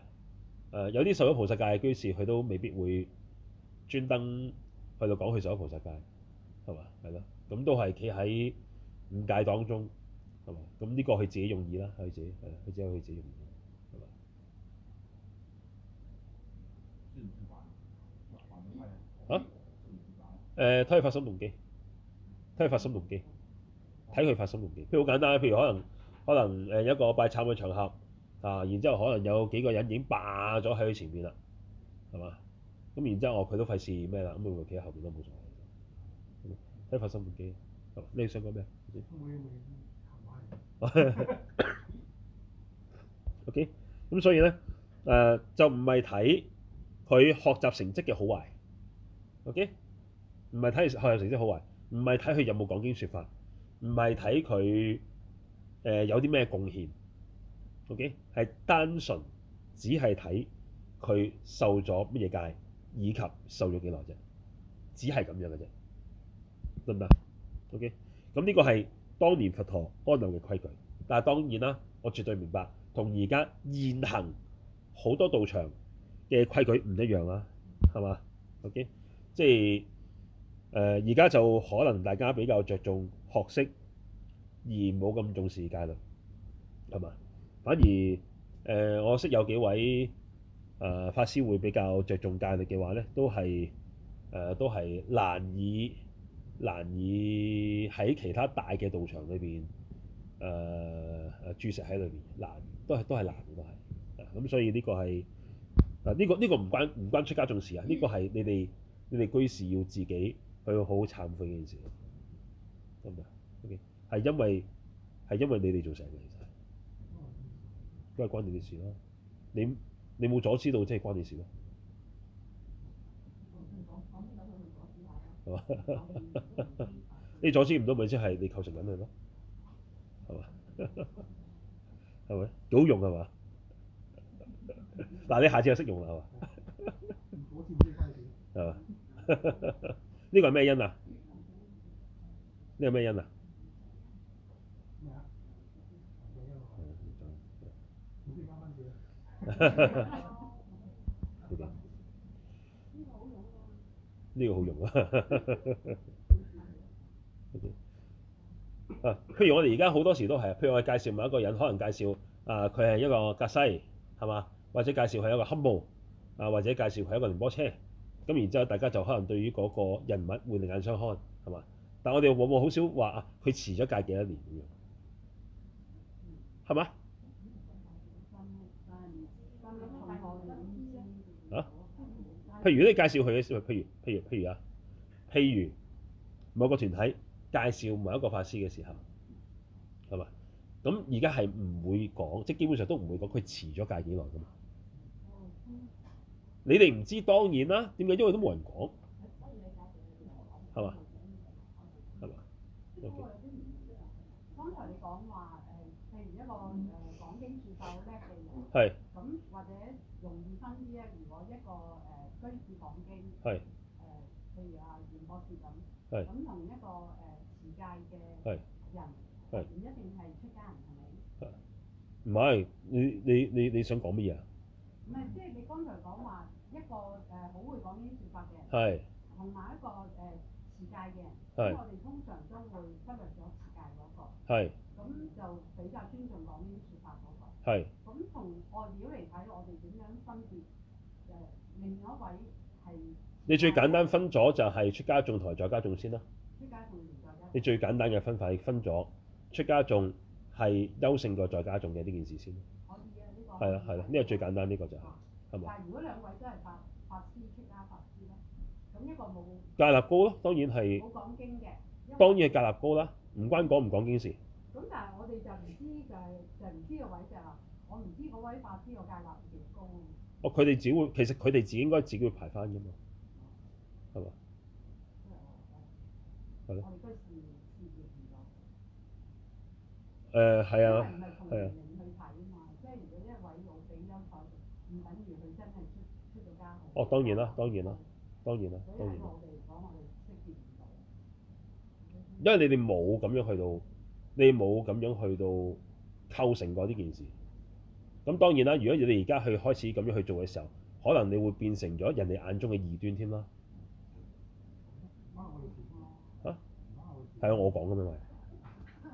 誒有啲受咗菩薩戒嘅居士，佢都未必會專登去到講佢受咗菩薩戒，係嘛？係咯，咁都係企喺五戒當中，係嘛？咁呢個佢自己用意啦，佢自己係佢只有佢自己用意，係嘛？嚇？睇、啊呃、發心動機，睇佢發心動機，睇佢發心動機。譬如好簡單，譬如可能。可能誒一個拜懺嘅場合啊，然之後可能有幾個人已經霸咗喺佢前面啦，係嘛？咁然之後佢都費事咩啦？咁佢咪企喺後邊都冇所謂。睇發生緊機，你想講咩？OK，咁所以咧誒、呃、就唔係睇佢學習成績嘅好壞，OK，唔係睇學習成績好壞，唔係睇佢有冇講經説法，唔係睇佢。誒、呃、有啲咩貢獻？OK，係單純只係睇佢受咗乜嘢戒，以及受咗幾耐啫，只係咁樣嘅啫，得唔得？OK，咁呢個係當年佛陀安立嘅規矩，但係當然啦、啊，我絕對明白同而家現行好多道場嘅規矩唔一樣啦、啊，係嘛？OK，即係誒而家就可能大家比較着重學識。而冇咁重視戒律，係咪？反而誒、呃，我識有幾位誒、呃、法師會比較着重戒律嘅話咧，都係誒、呃，都係難以難以喺其他大嘅道場裏邊誒誒駐錫喺裏邊，難都係都係難嘅，都係咁，所以呢個係，嗱，呢個呢、呢個唔關唔關出家重視啊，呢、呢個係你哋你哋居士要自己去好好懺悔嘅件事，得唔 OK 係因為係因為你哋做成嘅，其實都係關你哋事咯。你你冇阻止到，即係關你事咯。係嘛？你阻止唔到，咪即係你構成隱患咯。係嘛？係咪幾好用啊？但係，你下次就識用啦，係嘛？係嘛？呢個係咩因啊？呢個咩因啊？呢 個好用啊！呢個好用啊！譬如我哋而家好多時都係，譬如我哋介紹某一個人，可能介紹啊，佢係一個格西，係嘛？或者介紹係一個堪布啊，或者介紹係一個仁波切，咁、啊、然之後大家就可能對於嗰個人物會另眼相看，係嘛？但係我哋往往好少話啊，佢持咗戒幾多年咁樣，係嘛？譬如你介紹佢嘅時候，譬如譬如譬如啊，譬如某個團體介紹某一個法師嘅時候，係咪？咁而家係唔會講，即係基本上都唔會講佢持咗戒幾耐㗎嘛。嗯嗯、你哋唔知當然啦，點解？因為都冇人講，係咪、嗯？係咪吧？係、嗯。剛才你講話譬如一個誒講經授受咧，係、okay. 嗯。嗯。係。誒，譬如啊袁博士咁，咁同一個誒持戒嘅人，唔一定係出家人係咪？唔係，你你你你想講乜嘢啊？唔係，即係你剛才講話一個誒好會講呢啲説法嘅，係。同埋一個誒持戒嘅人，咁我哋通常都會忽略咗持戒嗰個，係。咁就比較尊重講呢啲説法嗰個。係。咁從外表嚟睇，我哋點樣分別誒另外一位？你最簡單分咗就係出家眾同在家眾先啦。出家眾你最簡單嘅分法係分咗出家眾係優勝過在家眾嘅呢件事先、啊。啊啊、可以啊，呢、這個。係啊，係啦，呢個最簡單呢、啊、個就係、是，係嘛？但如果兩位都係法法師出家法師咧，咁呢個冇。戒律高咯、啊，當然係。冇講經嘅。當然係戒律高啦、啊，唔關講唔講經事。咁但係我哋就唔知就係就唔知個位就我唔知嗰位法師個戒律幾高哦，佢哋只會其實佢哋自己應該自己會排翻㗎嘛。係嘛？係咯。誒係、嗯、啊，係啊。哦，當然啦，當然啦，當然啦，當然啦。因為你哋冇咁樣去到，你冇咁樣去到構成過呢件事。咁當然啦！如果你哋而家去開始咁樣去做嘅時候，可能你會變成咗人哋眼中嘅異端添啦。係我講嘅咩？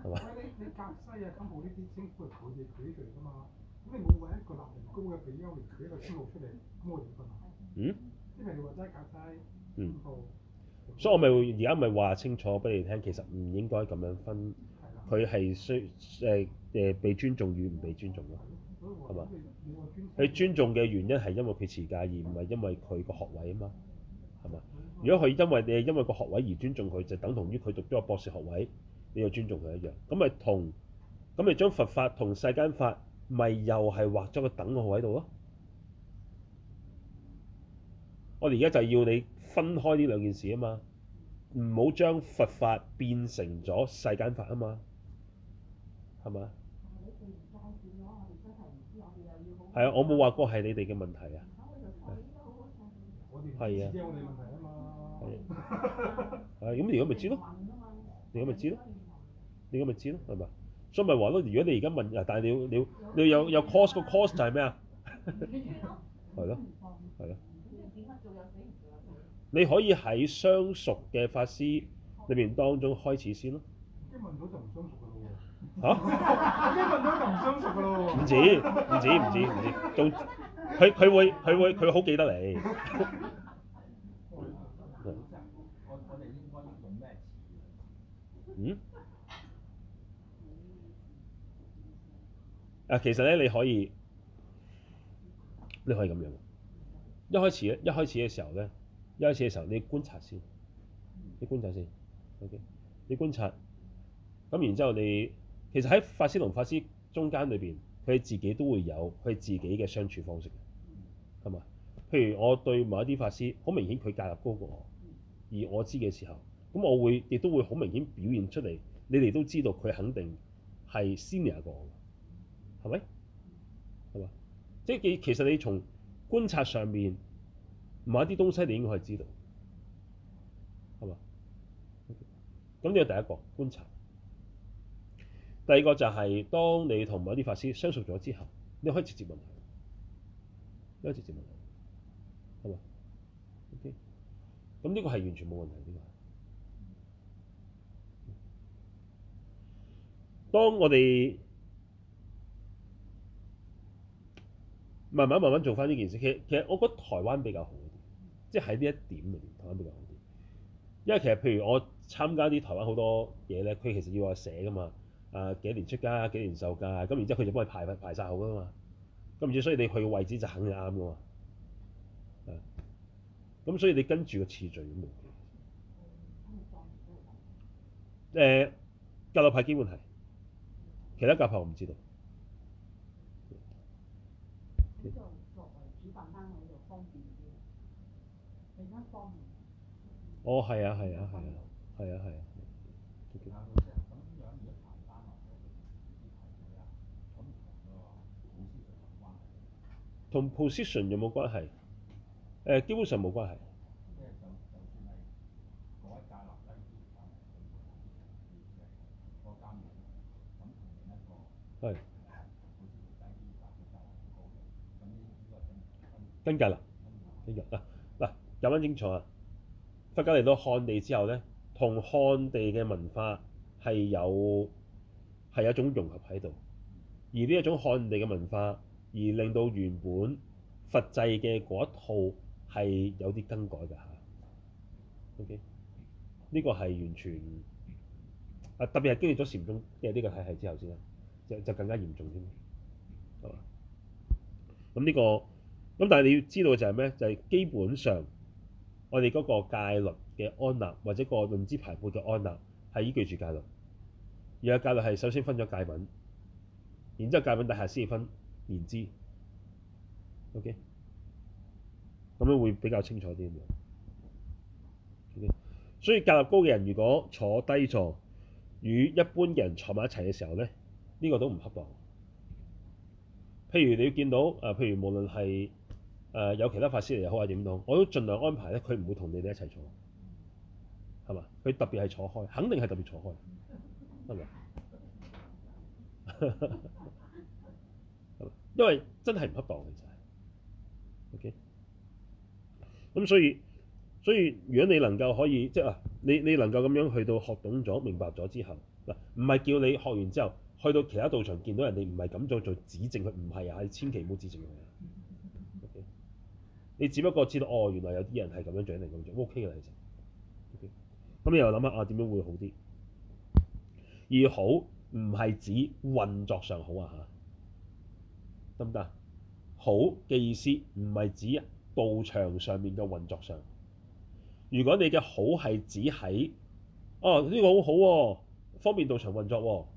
係咪？你格西啊、金步呢啲政府嘅土地俾佢嚟㗎嘛，咁你冇為一個立高嘅退休年路出嚟，嗯？係你嗯。所以我咪而家咪話清楚俾你聽，其實唔應該咁樣分，佢係需誒誒被尊重與唔被尊重咯，係嘛？佢 尊重嘅原因係因為佢持戒而唔係因為佢個學位啊嘛，係嘛？如果佢因為你係因為個學位而尊重佢，就等同於佢讀咗個博士學位，你要尊重佢一樣。咁咪同，咁咪將佛法同世間法咪又係畫咗個等號喺度咯。我哋而家就要你分開呢兩件事啊嘛，唔好將佛法變成咗世間法啊嘛，係咪？係啊，我冇話過係你哋嘅問題啊。係啊。的的係，咁而家咪知咯，你咁咪知咯，你咁咪知咯，係咪？所以咪話咯，如果你而家問，但係你要你要你要有有 cost 個 cost 就係咩啊？係咯，係咯。 你可以喺相熟嘅法師裏面當中開始先咯。一問到就唔相熟㗎啦喎。嚇、啊？問到就唔相熟㗎啦喎。唔止，唔止，唔止，唔止，止，止，做佢佢會佢會佢好記得你。 嗯？啊，其實咧，你可以，你可以咁樣。一開始一開始嘅時候咧，一開始嘅時，時候，你觀察先，你先觀察先，OK。你觀察，咁然之後你其實喺法師同法師中間裏邊，佢自己都會有佢自己嘅相處方式嘅，係嘛？譬如我對某一啲法師，好明顯佢戒臘高過我，而我知嘅時候。咁我會亦都會好明顯表現出嚟，你哋都知道佢肯定係 senior 過我，係咪？係嘛？即係其實你從觀察上面某一啲東西，你應該可以知道，係嘛？咁呢個第一個觀察，第二個就係、是、當你同某啲法師相熟咗之後，你可以直接問佢，你可以直接問佢，係嘛？O.K. 咁呢個係完全冇問題。當我哋慢慢慢慢做翻呢件事，其實其實我覺得台灣比較好啲，即係喺呢一點嚟，台灣比較好啲。因為其實譬如我參加啲台灣好多嘢咧，佢其實要我寫噶嘛，啊幾年出家、幾年受戒，咁、啊、然之後佢就幫你排排晒好噶嘛。咁然之後，所以你去嘅位置就肯定啱噶嘛。咁、啊、所以你跟住個次序都冇。誒、啊，格魯派基本係。其他教派我唔知道。嗯、哦，係啊，係啊，係啊，係啊，係啊。同、啊啊、position 有冇關係，呃？基本上冇關係。係，更改啦，更改啦。嗱，有冇人清楚啊？佛家嚟到漢地之後咧，同漢地嘅文化係有係有一種融合喺度，而呢一種漢地嘅文化而令到原本佛制嘅嗰一套係有啲更改嘅嚇。OK，呢個係完全啊，特別係經歷咗禪宗嘅呢、啊呢個體系之後先啦。就更加嚴重添，咁、嗯、呢、這個咁，但係你要知道就係咩？就係、是、基本上我哋嗰個戒律嘅安納或者個論資排輩嘅安納係依據住戒律。而家戒律係首先分咗戒品，然之後戒品底下先嚟分年資。OK，咁樣會比較清楚啲。OK，所以戒律高嘅人如果坐低座與一般嘅人坐埋一齊嘅時候咧。呢個都唔恰當。譬如你要見到誒，譬如無論係誒有其他法師嚟又好，還是點都，我都盡量安排咧，佢唔會同你哋一齊坐，係嘛？佢特別係坐開，肯定係特別坐開，係嘛？ 因為真係唔恰當，其實就係 ok 咁。所以所以，如果你能夠可以即係、就是、啊，你你能夠咁樣去到學懂咗、明白咗之後，嗱，唔係叫你學完之後。去到其他道場，見到人哋唔係咁做，做指正佢唔係啊！你千祈唔好指正佢。Okay? 你只不過知道哦，原來有啲人係咁樣做，有啲人咁做，OK 嘅啦。其實咁你又諗下啊，點樣會好啲？而好唔係指運作上好啊嚇，得唔得？好嘅意思唔係指啊道場上面嘅運作上。如果你嘅好係指喺哦呢個好好、啊、方便道場運作喎、啊。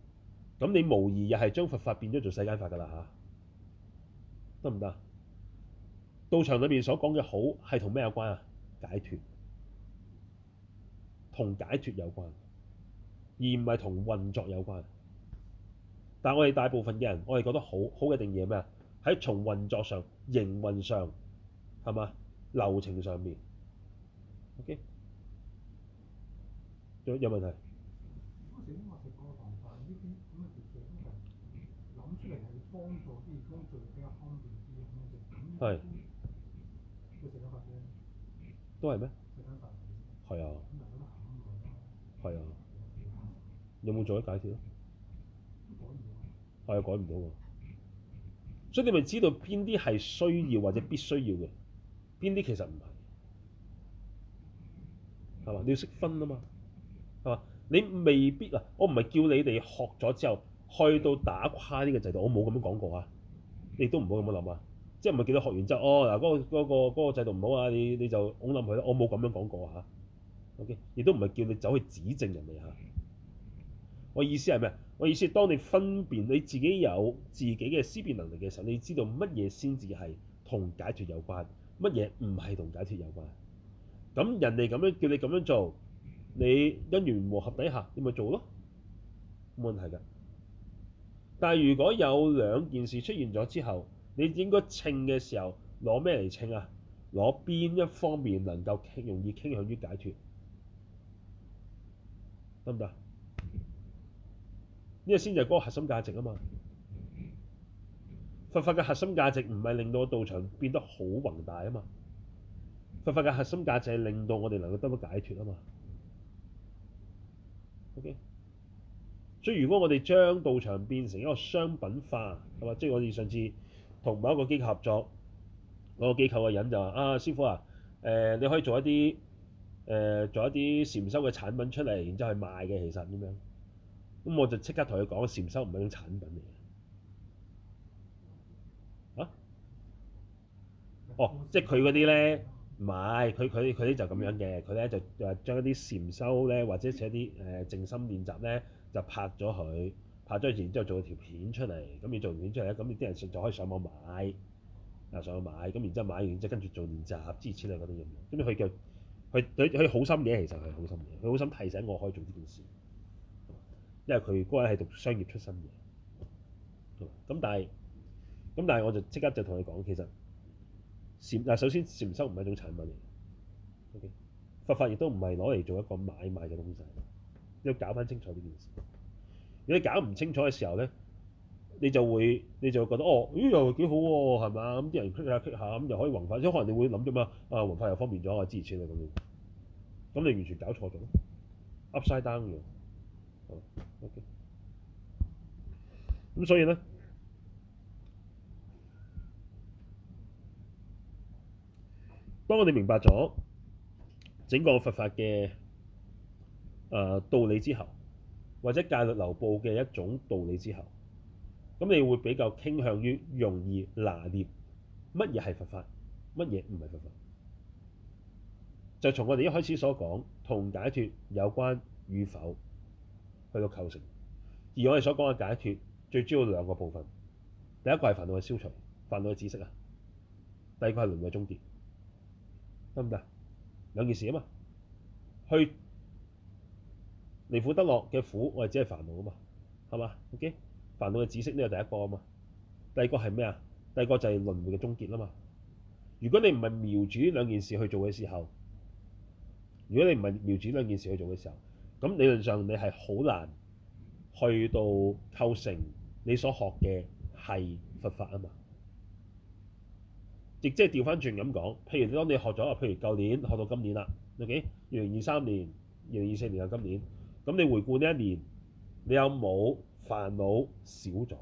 咁你無疑又係將佛法變咗做世間法㗎啦嚇，得唔得？道場裏面所講嘅好係同咩有關啊？解脱，同解脱有關，而唔係同運作有關。但係我哋大部分嘅人，我哋覺得好好嘅定義係咩啊？喺從運作上、營運上，係嘛流程上面？OK，有有問題？係都係咩？係啊，係啊，有冇做咗解説咯？係啊、哎，改唔到㗎。所以你咪知道邊啲係需要或者必須要嘅，邊啲其實唔係，係嘛？你要識分啊嘛，係嘛？你未必啊，我唔係叫你哋學咗之後。去到打垮呢個制度，我冇咁樣講過啊！你都唔好咁樣諗啊，即係唔係叫你學完之後哦嗱，嗰個嗰個嗰個制度唔好啊，你你就我諗佢啦。我冇咁樣講過嚇、啊，OK，亦都唔係叫你走去指正人哋、啊、嚇。我意思係咩啊？我意思當你分辨你自己有自己嘅思辨能力嘅時候，你知道乜嘢先至係同解脱有關，乜嘢唔係同解脱有關。咁人哋咁樣叫你咁樣做，你因緣和合底下你咪做咯，冇問題㗎。但係如果有兩件事出現咗之後，你應該稱嘅時候攞咩嚟稱啊？攞邊一方面能夠容易傾向於解脫，得唔得？呢個先就係嗰個核心價值啊嘛。佛法嘅核心價值唔係令到道場變得好宏大啊嘛。佛法嘅核心價值係令到我哋能夠得到解脫啊嘛。OK。所以如果我哋將道場變成一個商品化，係嘛？即係我哋上次同某一個機構合作，嗰個機構嘅人就話：啊，師傅啊，誒你可以做一啲誒做一啲禪修嘅產品出嚟，然之後去賣嘅其實咁樣。咁我就即刻同佢講：禪修唔係一種產品嚟嘅。啊？哦，即係佢嗰啲咧，唔係佢佢佢啲就咁樣嘅。佢咧就話將一啲禪修咧，或者寫啲誒靜心練習咧。就拍咗佢，拍咗一次然之後做咗條片出嚟。咁你做完片出嚟咧，咁你啲人就可以上網買，又上網買。咁然之後買完，後完之後，跟住做練習，之餘錢喺嗰度用。咁樣佢就佢佢好心嘅，其實係好心嘅。佢好，好心提醒我可以做呢件事，因為佢嗰個人係讀商業出身嘅。咁、嗯、但係咁但係，但我就即刻就同佢講，其實禪嗱首先，禪修唔係一種產品嚟嘅。O、okay? K，佛法亦都唔係攞嚟做一個買賣嘅東西。要搞翻清楚呢件事，如果你搞唔清楚嘅時候咧，你就會你就會覺得哦，咦又幾好喎，係咪？咁啲人傾下傾下，咁又可以宏法，即係可能你會諗咗嘛，啊宏法又方便咗，我支持你咁樣，咁你完全搞錯咗，Upside down 嘅，哦，OK。咁所以咧，當我哋明白咗整個佛法嘅。誒、呃、道理之後，或者戒律流布嘅一種道理之後，咁你會比較傾向於容易拿捏乜嘢係佛法，乜嘢唔係佛法。就從我哋一開始所講，同解脫有關與否，去到構成。而我哋所講嘅解脫，最主要兩個部分，第一個係煩惱嘅消除，煩惱嘅止息啊；第二個係輪迴終結，得唔得？兩件事啊嘛，去。離苦得樂嘅苦，我哋只係煩惱啊嘛，係嘛？OK，煩惱嘅止息呢係第一個啊嘛，第二個係咩啊？第二個就係輪迴嘅終結啊嘛。如果你唔係瞄住呢兩件事去做嘅時候，如果你唔係瞄住兩件事去做嘅時候，咁理論上你係好難去到構成你所學嘅係佛法啊嘛。亦即係調翻轉咁講，譬如當你學咗，譬如舊年學到今年啦，OK，二零二三年、二零二四年到今年。咁你回顧呢一年，你有冇煩惱少咗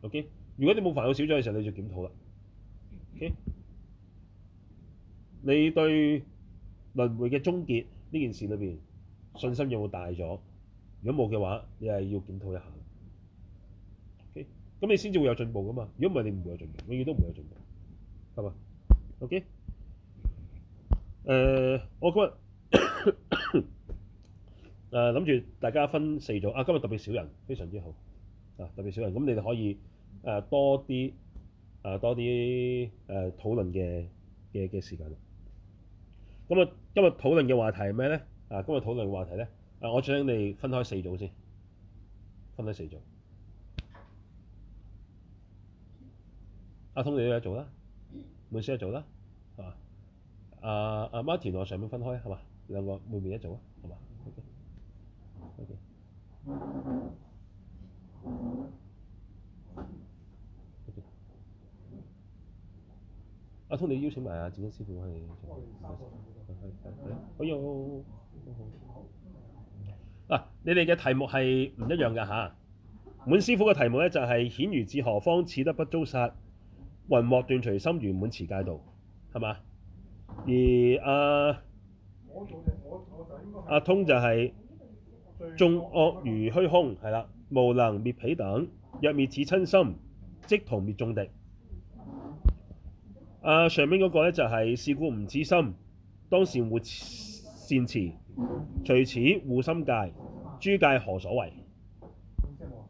？OK，如果你冇煩惱少咗嘅時候，你就檢討啦。OK，你對輪迴嘅終結呢件事裏邊信心有冇大咗？如果冇嘅話，你係要檢討一下。OK，咁你先至會有進步噶嘛？如果唔係，你唔會有進步，永遠都唔會有進步，係嘛？OK，誒、呃，我覺得。誒諗住大家分四組啊！今日特別少人，非常之好啊！特別少人，咁你哋可以誒、啊、多啲誒、啊、多啲誒、啊、討論嘅嘅嘅時間。咁啊，今日討論嘅話題係咩咧？啊，今日討論嘅話題咧、啊，啊，我想你分開四組先，分開四組。阿、啊、通你一組啦，滿師一組啦，係嘛？啊啊 Martin 我上面分開係嘛？兩個每邊一組啊。阿通你邀請埋阿志工師傅係，係啊，你哋嘅題目係唔一樣嘅吓、啊，滿師傅嘅題目呢，就係、是：顯如至何方，似得不遭殺，雲莫斷隨心如，圓滿持戒道，係嘛？而阿、啊、阿、啊、通就係、是。眾惡如虛空，係啦，無能滅彼等。若滅此親心，即同滅眾敵。啊，上面嗰個咧就係、是、事故唔似心，當善護善持，除此護心戒，諸戒何所為？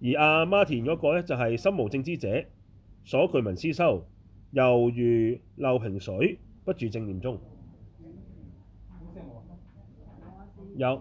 而阿媽田嗰個咧就係、是、心無正知者，所據聞思修，猶如漏瓶水，不住正念中。有。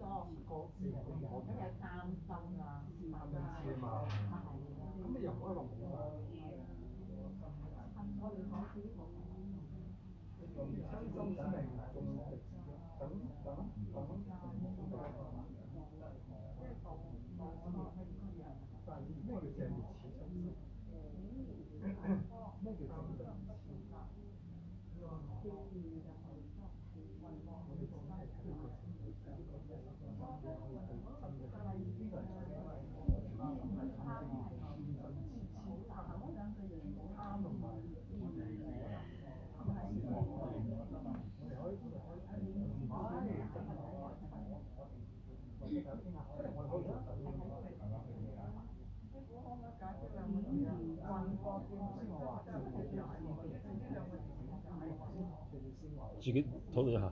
自己討論一下。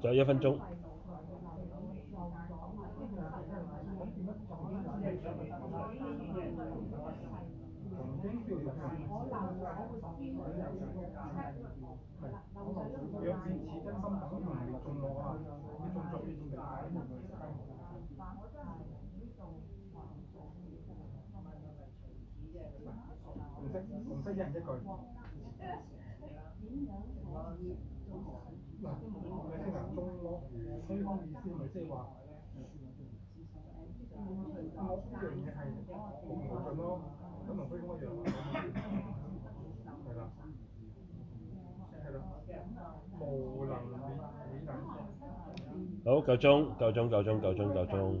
仲有一分鐘。嗱，咁你先啊，中樂與西方意思係即係話咧，冇一樣嘅係咁咯，根本冇一樣咯，係啦，係啦，冇啦。好，夠鐘，夠鐘，夠鐘，夠鐘，夠鐘。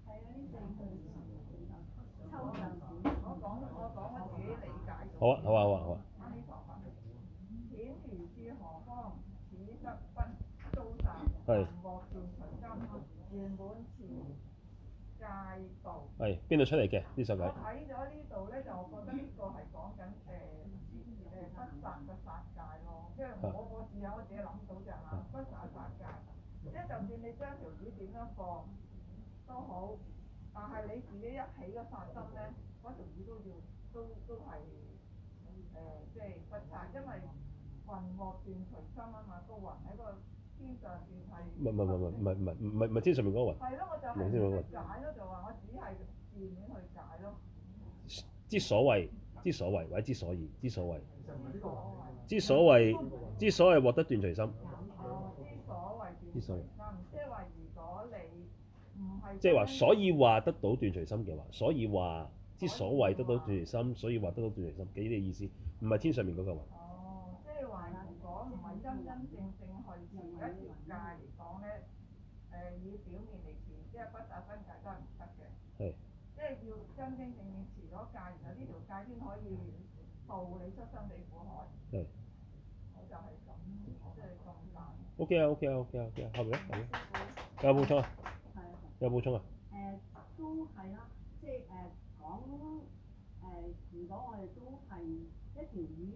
好啊！好啊！好啊！好啊！係、這個。係邊度出嚟嘅呢首偈？我睇咗呢度咧，就我覺得呢個係講緊誒誒不殺嘅殺戒咯。即係我、啊、我自己諗到就係話不殺殺戒，戒，即係就算你將條魚點樣放都好，但係你自己一起嘅殺心咧，嗰條魚都要都都係。佛茶，因為雲惡斷隨心啊嘛，個雲喺個天上邊係。唔係唔係唔係唔係唔係唔係天上面嗰個雲。係咯，我就係天上解咯，就話我只係字面去解咯。之所謂之所謂，或者之所以之所謂之所謂是之所謂獲得斷隨心。哦，之所謂斷隨心。之所謂，之所以，即係話，如果你唔係，即係話，所以話得到斷隨心嘅話，所以話之所謂得到斷隨心，所以話得到斷隨心，幾嘅意思？唔係天上面嗰個雲。哦，即係話，如果唔係真真正正去持一條戒嚟講咧，誒，以表面嚟講，即係不打分解都係唔得嘅。係。即係要真真正正持咗戒，然後呢條戒先可以渡你出生死苦海。係。我就係咁，即係咁難。O K 啊，O K 啊，O K 啊，O K 啊，後尾咧？後尾咧。有冇錯？有冇錯？誒，都係啦，即係誒講誒，如果我哋都係。一條魚，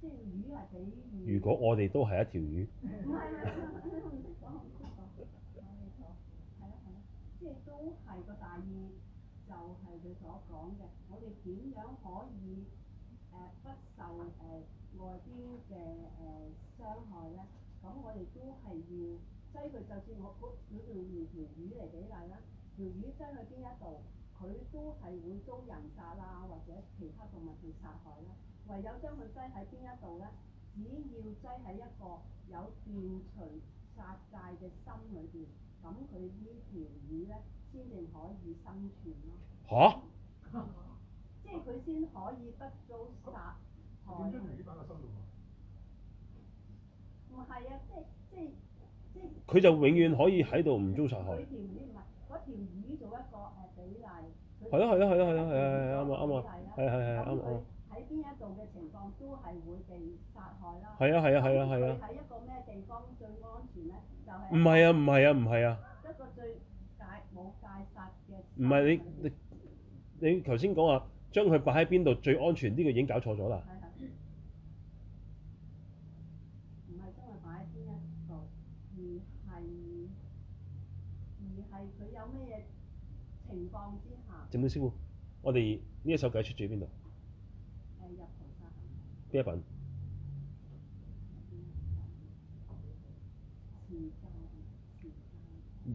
即係魚係俾魚。如果我哋都係一條魚，唔係啊！我唔講紅曲個，我嘅錯係咯係咯，即係都係個大意，就係佢所講嘅。我哋點樣可以誒、呃、不受誒、呃、外邊嘅誒傷害咧？咁、嗯、我哋都係要擠佢。就算我嗰嗰度用條魚嚟比例啦，條魚擠去邊一度，佢都係會遭人殺啦，或者其他動物去殺害啦。唯有將佢擠喺邊一度咧，只要擠喺一個有斷除殺戒嘅心裏邊，咁佢呢條魚咧，先至可以生存咯。嚇、啊嗯！即係佢先可以不遭殺害。唔係啊，即係即係即係。佢就永遠可以喺度唔遭殺害。嗰條魚唔係，嗰條魚做一個誒比例。係咯係咯係咯係咯係係係啱啊啱啊係係係啱啊！邊一度嘅情況都係會被殺害啦。係啊係啊係啊係啊。喺、啊啊啊啊、一個咩地方最安全咧？就係唔係啊唔係啊唔係啊。啊啊一個最解冇戒殺嘅。唔係你你你頭先講話將佢擺喺邊度最安全呢個、這個、已經搞錯咗啦。唔係將佢擺喺邊一度，而係而係佢有咩嘢情況之下？靜美師傅，我哋呢一手計出住喺邊度？邊一品？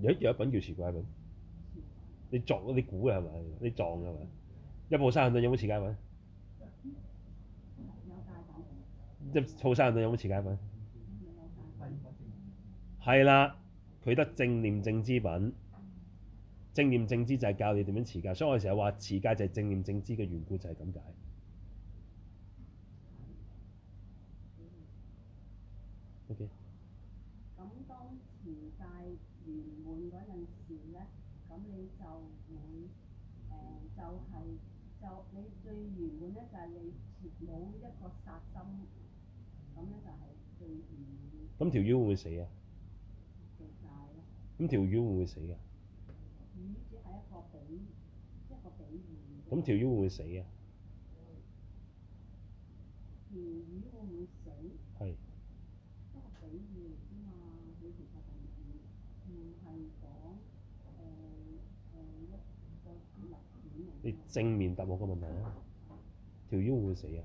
有有一品叫持戒品。你撞嗰啲股嘅係咪？你撞嘅係咪？是是是是嗯、一部三廿兩有冇持戒品？嗯、一部三廿兩有冇持戒品？係啦、嗯，佢得正念正知品。正念正知就係教你點樣持戒，所以我成日話持戒就係正念正知嘅緣故就，就係咁解。咁 Okay.、嗯、當前界圓滿嗰陣時咧，咁你就會誒、呃，就係、是、就你最圓滿咧，就係你冇一個殺心，咁樣就係最圓滿。咁、嗯、條魚會唔會死啊？咁、嗯、條魚會唔會死噶、啊？魚、嗯、只係一個比，一個比喻。咁、嗯、條魚會唔會死啊？嗯你正面答我個問題啊！條魚會死啊？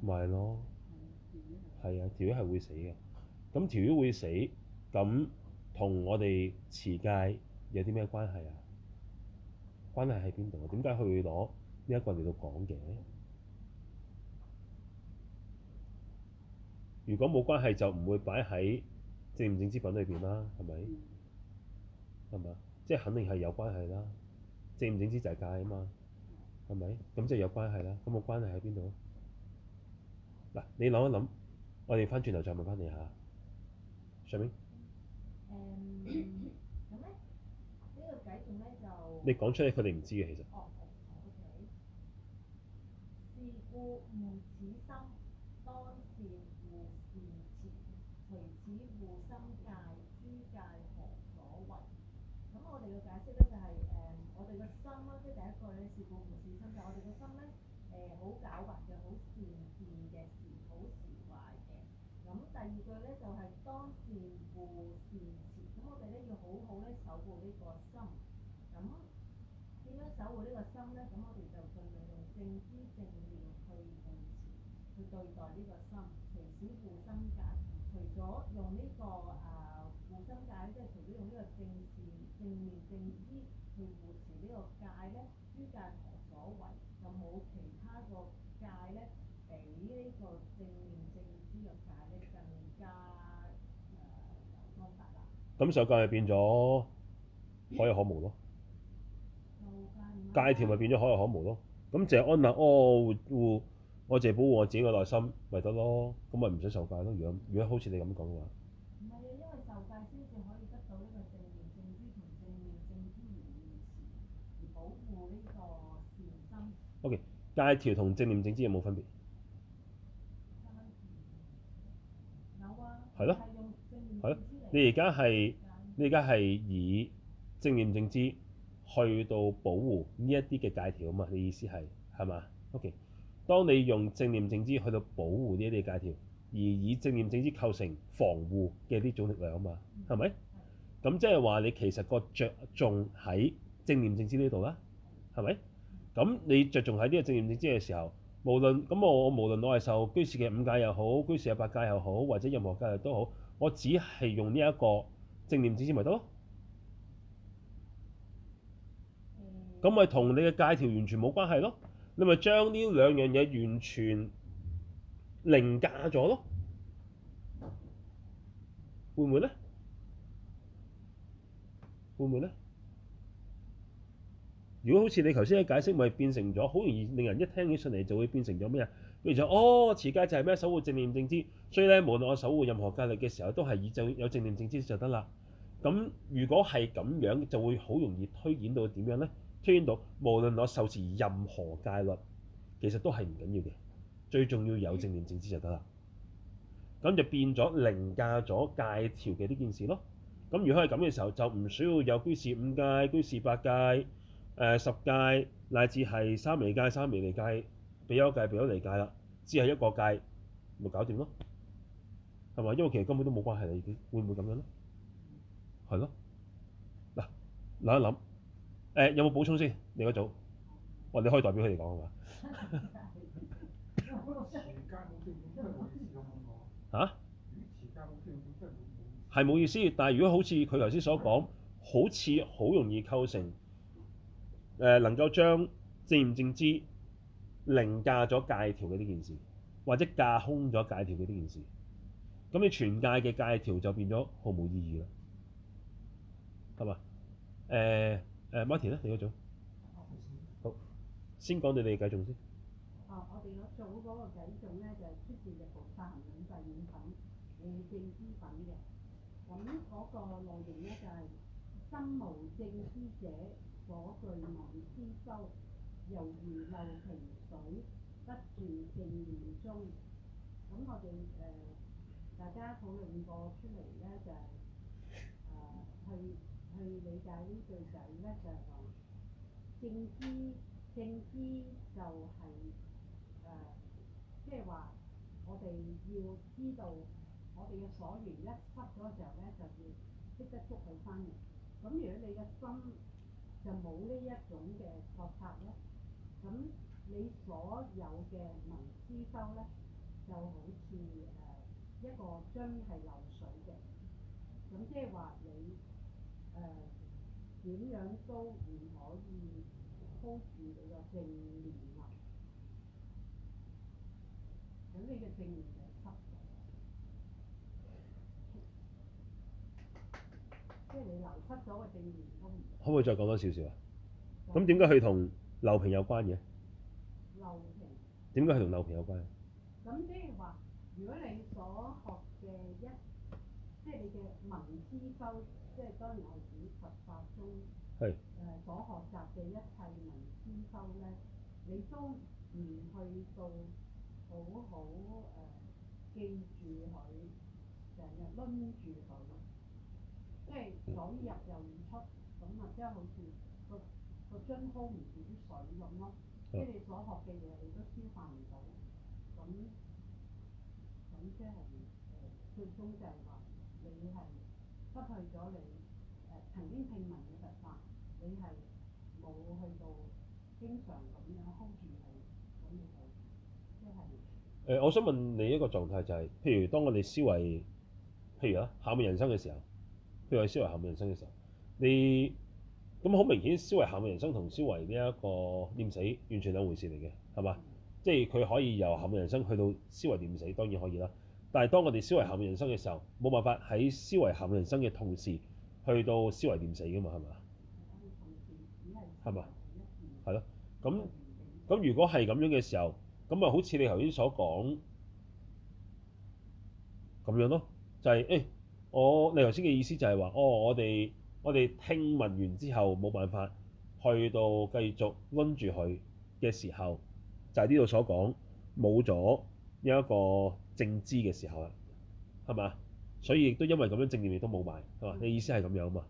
咪係咯，係啊，條魚係會死嘅。咁條魚會死，咁同我哋持戒有啲咩關係啊？關係喺邊度？點解佢會攞呢一個嚟到講嘅？如果冇關係，就唔會擺喺正唔正之品裏邊啦，係咪？係咪？即係肯定係有關係啦。正唔正知就係戒啊嘛，係咪？咁即係有關係啦。咁個關係喺邊度啊？嗱，你諗一諗，我哋翻轉頭再問翻你下，上面誒，咁呢個解讀咧，就你講出嚟，佢哋唔知嘅其實。咁受戒咪變咗可有可無咯，戒條咪變咗可有可無咯。咁淨係安那，我護我淨保護我自己嘅內心，咪得咯。咁咪唔使受戒咯。如果如果好似你咁講嘅話，唔係嘅。因為受戒先至可以得到呢個正念正知，而保護呢個善心。O.K. 戒條同正念正知有冇分別？有啊。係咯。係咯。你而家係你而家係以正念正知去到保護呢一啲嘅戒條啊嘛？你意思係係嘛？OK。當你用正念正知去到保護呢一啲戒條，而以正念正知構成防護嘅呢種力量啊嘛？係咪？咁即係話你其實個着重喺正念正知呢度啦，係咪？咁你着重喺呢個正念正知嘅時候，無論咁我無論我係受居士嘅五戒又好，居士嘅八戒又好，或者任何戒都好。我只係用呢一個正面指示咪得咯，咁咪同你嘅戒條完全冇關係咯。你咪將呢兩樣嘢完全凌駕咗咯，會唔會咧？會唔會咧？如果好似你頭先嘅解釋，咪變成咗好容易令人一聽起上嚟就會變成咗咩啊？譬如就哦，持戒就係咩？守護正念正知，所以咧，無論我守護任何戒律嘅時候，都係以有正念正知就得啦。咁如果係咁樣，就會好容易推演到點樣咧？推演到無論我受持任何戒律，其實都係唔緊要嘅，最重要有正念正知就得啦。咁就變咗凌駕咗戒條嘅呢件事咯。咁如果係咁嘅時候，就唔需要有居士五戒、居士八戒、誒十戒，乃至係三昧戒、三昧尼戒。俾咗界，俾咗離界啦，只係一個界，咪搞掂咯，係嘛？因為其實根本都冇關係嚟嘅，會唔會咁樣咧？係咯，嗱、啊，諗一諗，誒、欸、有冇補充先？另一組，我、啊、你可以代表佢哋講啊嘛。吓？係冇意思，但係如果好似佢頭先所講，好似好容易構成，誒、呃、能夠將正唔正之。凌駕咗戒條嘅呢件事，或者駕空咗戒條嘅呢件事，咁你全戒嘅戒條就變咗毫無意義啦，係咪？誒誒，Martin 咧，你嗰組，好，先講你哋嘅計數先。啊，我哋嗰組嗰個計數咧，就係出自入菩薩行論第五品護正知品嘅，咁嗰個內容咧就係：心無正知者，所具聞思修，猶如漏瓶，水不斷正念中，咁、嗯、我哋誒、呃、大家討論過出嚟咧，就係誒、呃、去去理解句呢句偈咧，就係講正知正知就係、是、誒，即係話我哋要知道我哋嘅所緣一失咗嘅時候咧，就要即刻捉佢翻嚟。咁、嗯、如果你嘅心就冇呢一種嘅覺察咧，咁、嗯、～你所有嘅聞思修咧，就好似誒一個樽係漏水嘅，咁即係話你誒點樣都唔可以 hold 住你個正念，咁你嘅正念即係流失咗嘅正念。可唔可以再講多少少啊？咁點解佢同漏瓶有關嘅？點解係同漏瓶有關？咁即係話，如果你所學嘅一，即係你嘅聞思修，即係當然係指佛法中，係誒是、呃、所學習嘅一切聞思修咧，你都唔去到好好誒記住佢，成日攆住佢，即係左入右唔出，咁啊、嗯、即係好似個個樽空唔住啲水咁咯，好即係你所學嘅嘢，你都～咁即係最終就係、是、話、呃、你係失去咗你、呃、曾經聽聞嘅佛法，你係冇去到經常咁樣 hold 住佢，咁就即、是、係、呃、我想問你一個狀態就係、是，譬如當我哋思維譬如啊，慾嘅人生嘅時候，譬如我哋思維慾嘅人生嘅時候，你咁好明顯，思維慾嘅人生同思維呢一個念死完全兩回事嚟嘅，係嘛？嗯。即係佢可以由冚人生去到思維念死，當然可以啦。但係當我哋思維冚人生嘅時候，冇辦法喺思維冚人生嘅同時去到思維念死噶嘛？係咪啊？係嘛？係咯。咁咁，如果係咁樣嘅時候，咁啊，好似你頭先所講咁樣咯，就係、是、誒、欸、我你頭先嘅意思就係話，哦，我哋我哋聽聞完之後冇辦法去到繼續温住佢嘅時候。就係呢度所講，冇咗有一個正知嘅時候啦，係嘛？所以亦都因為咁樣正念亦都冇埋，係嘛？你是的 意思係咁樣嘛？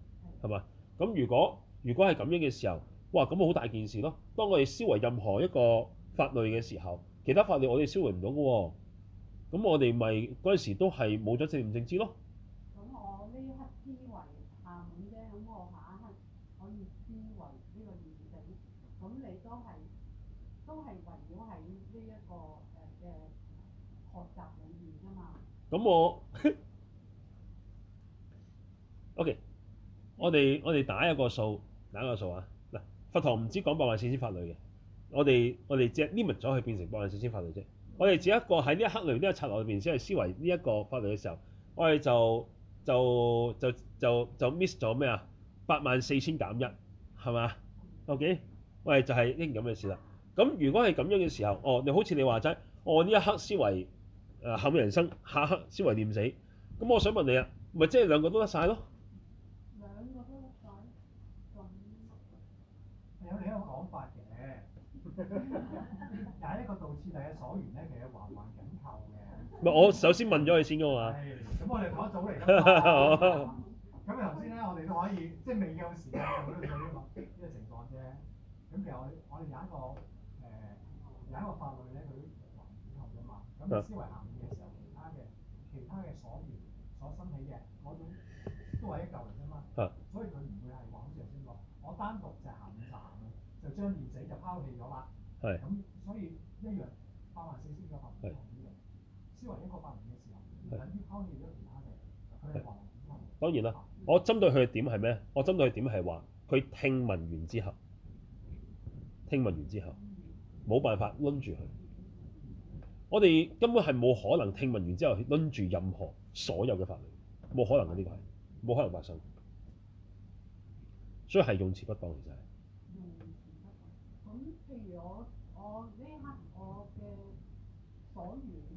係嘛？咁如果如果係咁樣嘅時候，哇！咁好大件事咯。當我哋消為任何一個法律嘅時候，其他法律我哋消為唔到嘅喎。咁我哋咪嗰陣時都係冇咗正念正知咯。咁我呢刻思維下午啫，咁、啊、我下一刻可以思維呢個完整。咁你都係都係為咁那我 OK，我哋我哋打一個數，打一個數啊！嗱，佛堂唔止講八萬四千法侶嘅，我哋我哋只 limit 咗去變成八萬四千法侶啫。我哋只一個喺呢一刻裏呢、這個策略裏邊先係思維呢一個法侶嘅時候，我哋就就就就就，就，就 miss 咗咩啊？八萬四千減一係咪？OK，我哋就係呢啲咁嘅事啦。咁如果係咁樣嘅時候，哦，你好似你話齋，我、哦、呢一刻思維。誒冚人生，下刻思維念死，咁我想問你啊，咪即係兩個都得晒咯？兩個都得晒，有另一個講法嘅，但係一個道次第嘅所言咧，其實環環緊扣嘅。咪我首先問咗佢先㗎嘛。咁我哋同一組嚟㗎嘛。咁頭先咧，我哋都可以即係未有時間討論嗰啲物呢個情況啫。咁其實我我哋有一個誒，有一個法律咧，佢環環緊扣㗎嘛。咁思維限。所所生起嘅嗰種都係一嚿嚟啫嘛，是的 所以佢唔會係話好似頭先講，我單獨就係下午站就將連仔就拋棄咗啦。係。咁所以一樣百萬四千個百萬唔同一個百萬嘅時候，緊啲拋棄咗其他嘅。係。是的 當然啦、啊，我針對佢嘅點係咩？我針對佢點係話佢聽聞完之後，聽聞完之後冇辦法攆住佢。我哋根本係冇可能聽聞完之後拎住任何所有嘅法律，冇可能嘅，呢個係冇可能發生，所以係用，用詞不當，其實係。用詞不當。咁譬如我我呢一刻我嘅所緣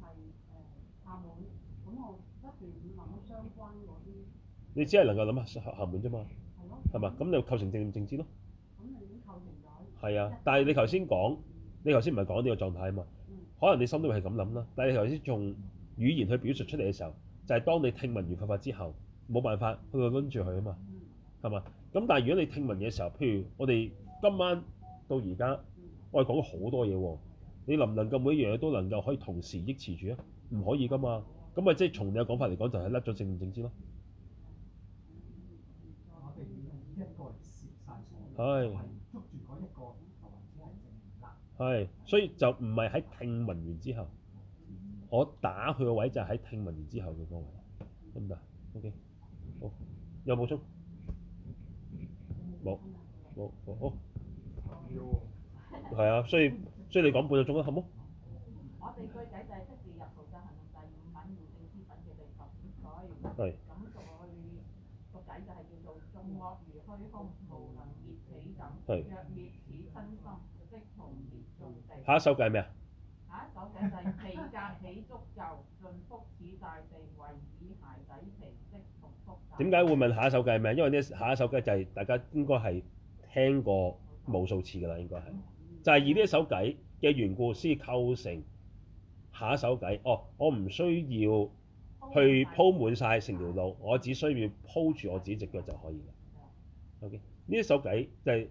係誒廈門，咁、呃、我一時會諗相關嗰啲。你只係能夠諗下廈門啫嘛？係吧咯。係嘛？咁你構成證證據咯。咁你構成咗。係啊，但係你頭先講，嗯、你頭先唔係講呢個狀態啊嘛？可能你心都係咁諗啦，但係你頭先用語言去表述出嚟嘅時候，就係、是、當你聽聞完佛法之後，冇辦法去攬住佢啊嘛，係嘛？咁但係如果你聽聞嘅時候，譬如我哋今晚到而家，我哋講咗好多嘢喎，你能唔能夠每一樣嘢都能夠可以同時憶持住啊？唔可以噶嘛，咁咪，即係從你嘅講法嚟講，就係甩咗正念正知咯。係。 係、哎，所以就唔係喺聽聞完之後，我打佢個位就係喺聽聞完之後嘅個位，得唔得？OK，好、oh.，有冇衝？冇，冇，哦，係有、哦、 啊，所以所以，所以你講半個鐘啊，好冇？我哋舉例就係出自入道進行第五文文品悟正資品嘅地方，唔該。係、嗯。咁再舉例就係叫做縱惡如虛空，無能熱起等，若滅此身心。是下一首偈係咩啊？下一首就福大地， 為以鞋底皮色復。點解會問下一首偈係咩？因為呢下一首偈就係、是、大家應該係聽過無數次嘅啦，應該係就係、是、以呢一首偈嘅緣故，先構成下一首偈。哦，我唔需要去鋪滿晒成條路，我只需要鋪住我自己隻腳就可以。嗯、OK，呢一首偈就係、是。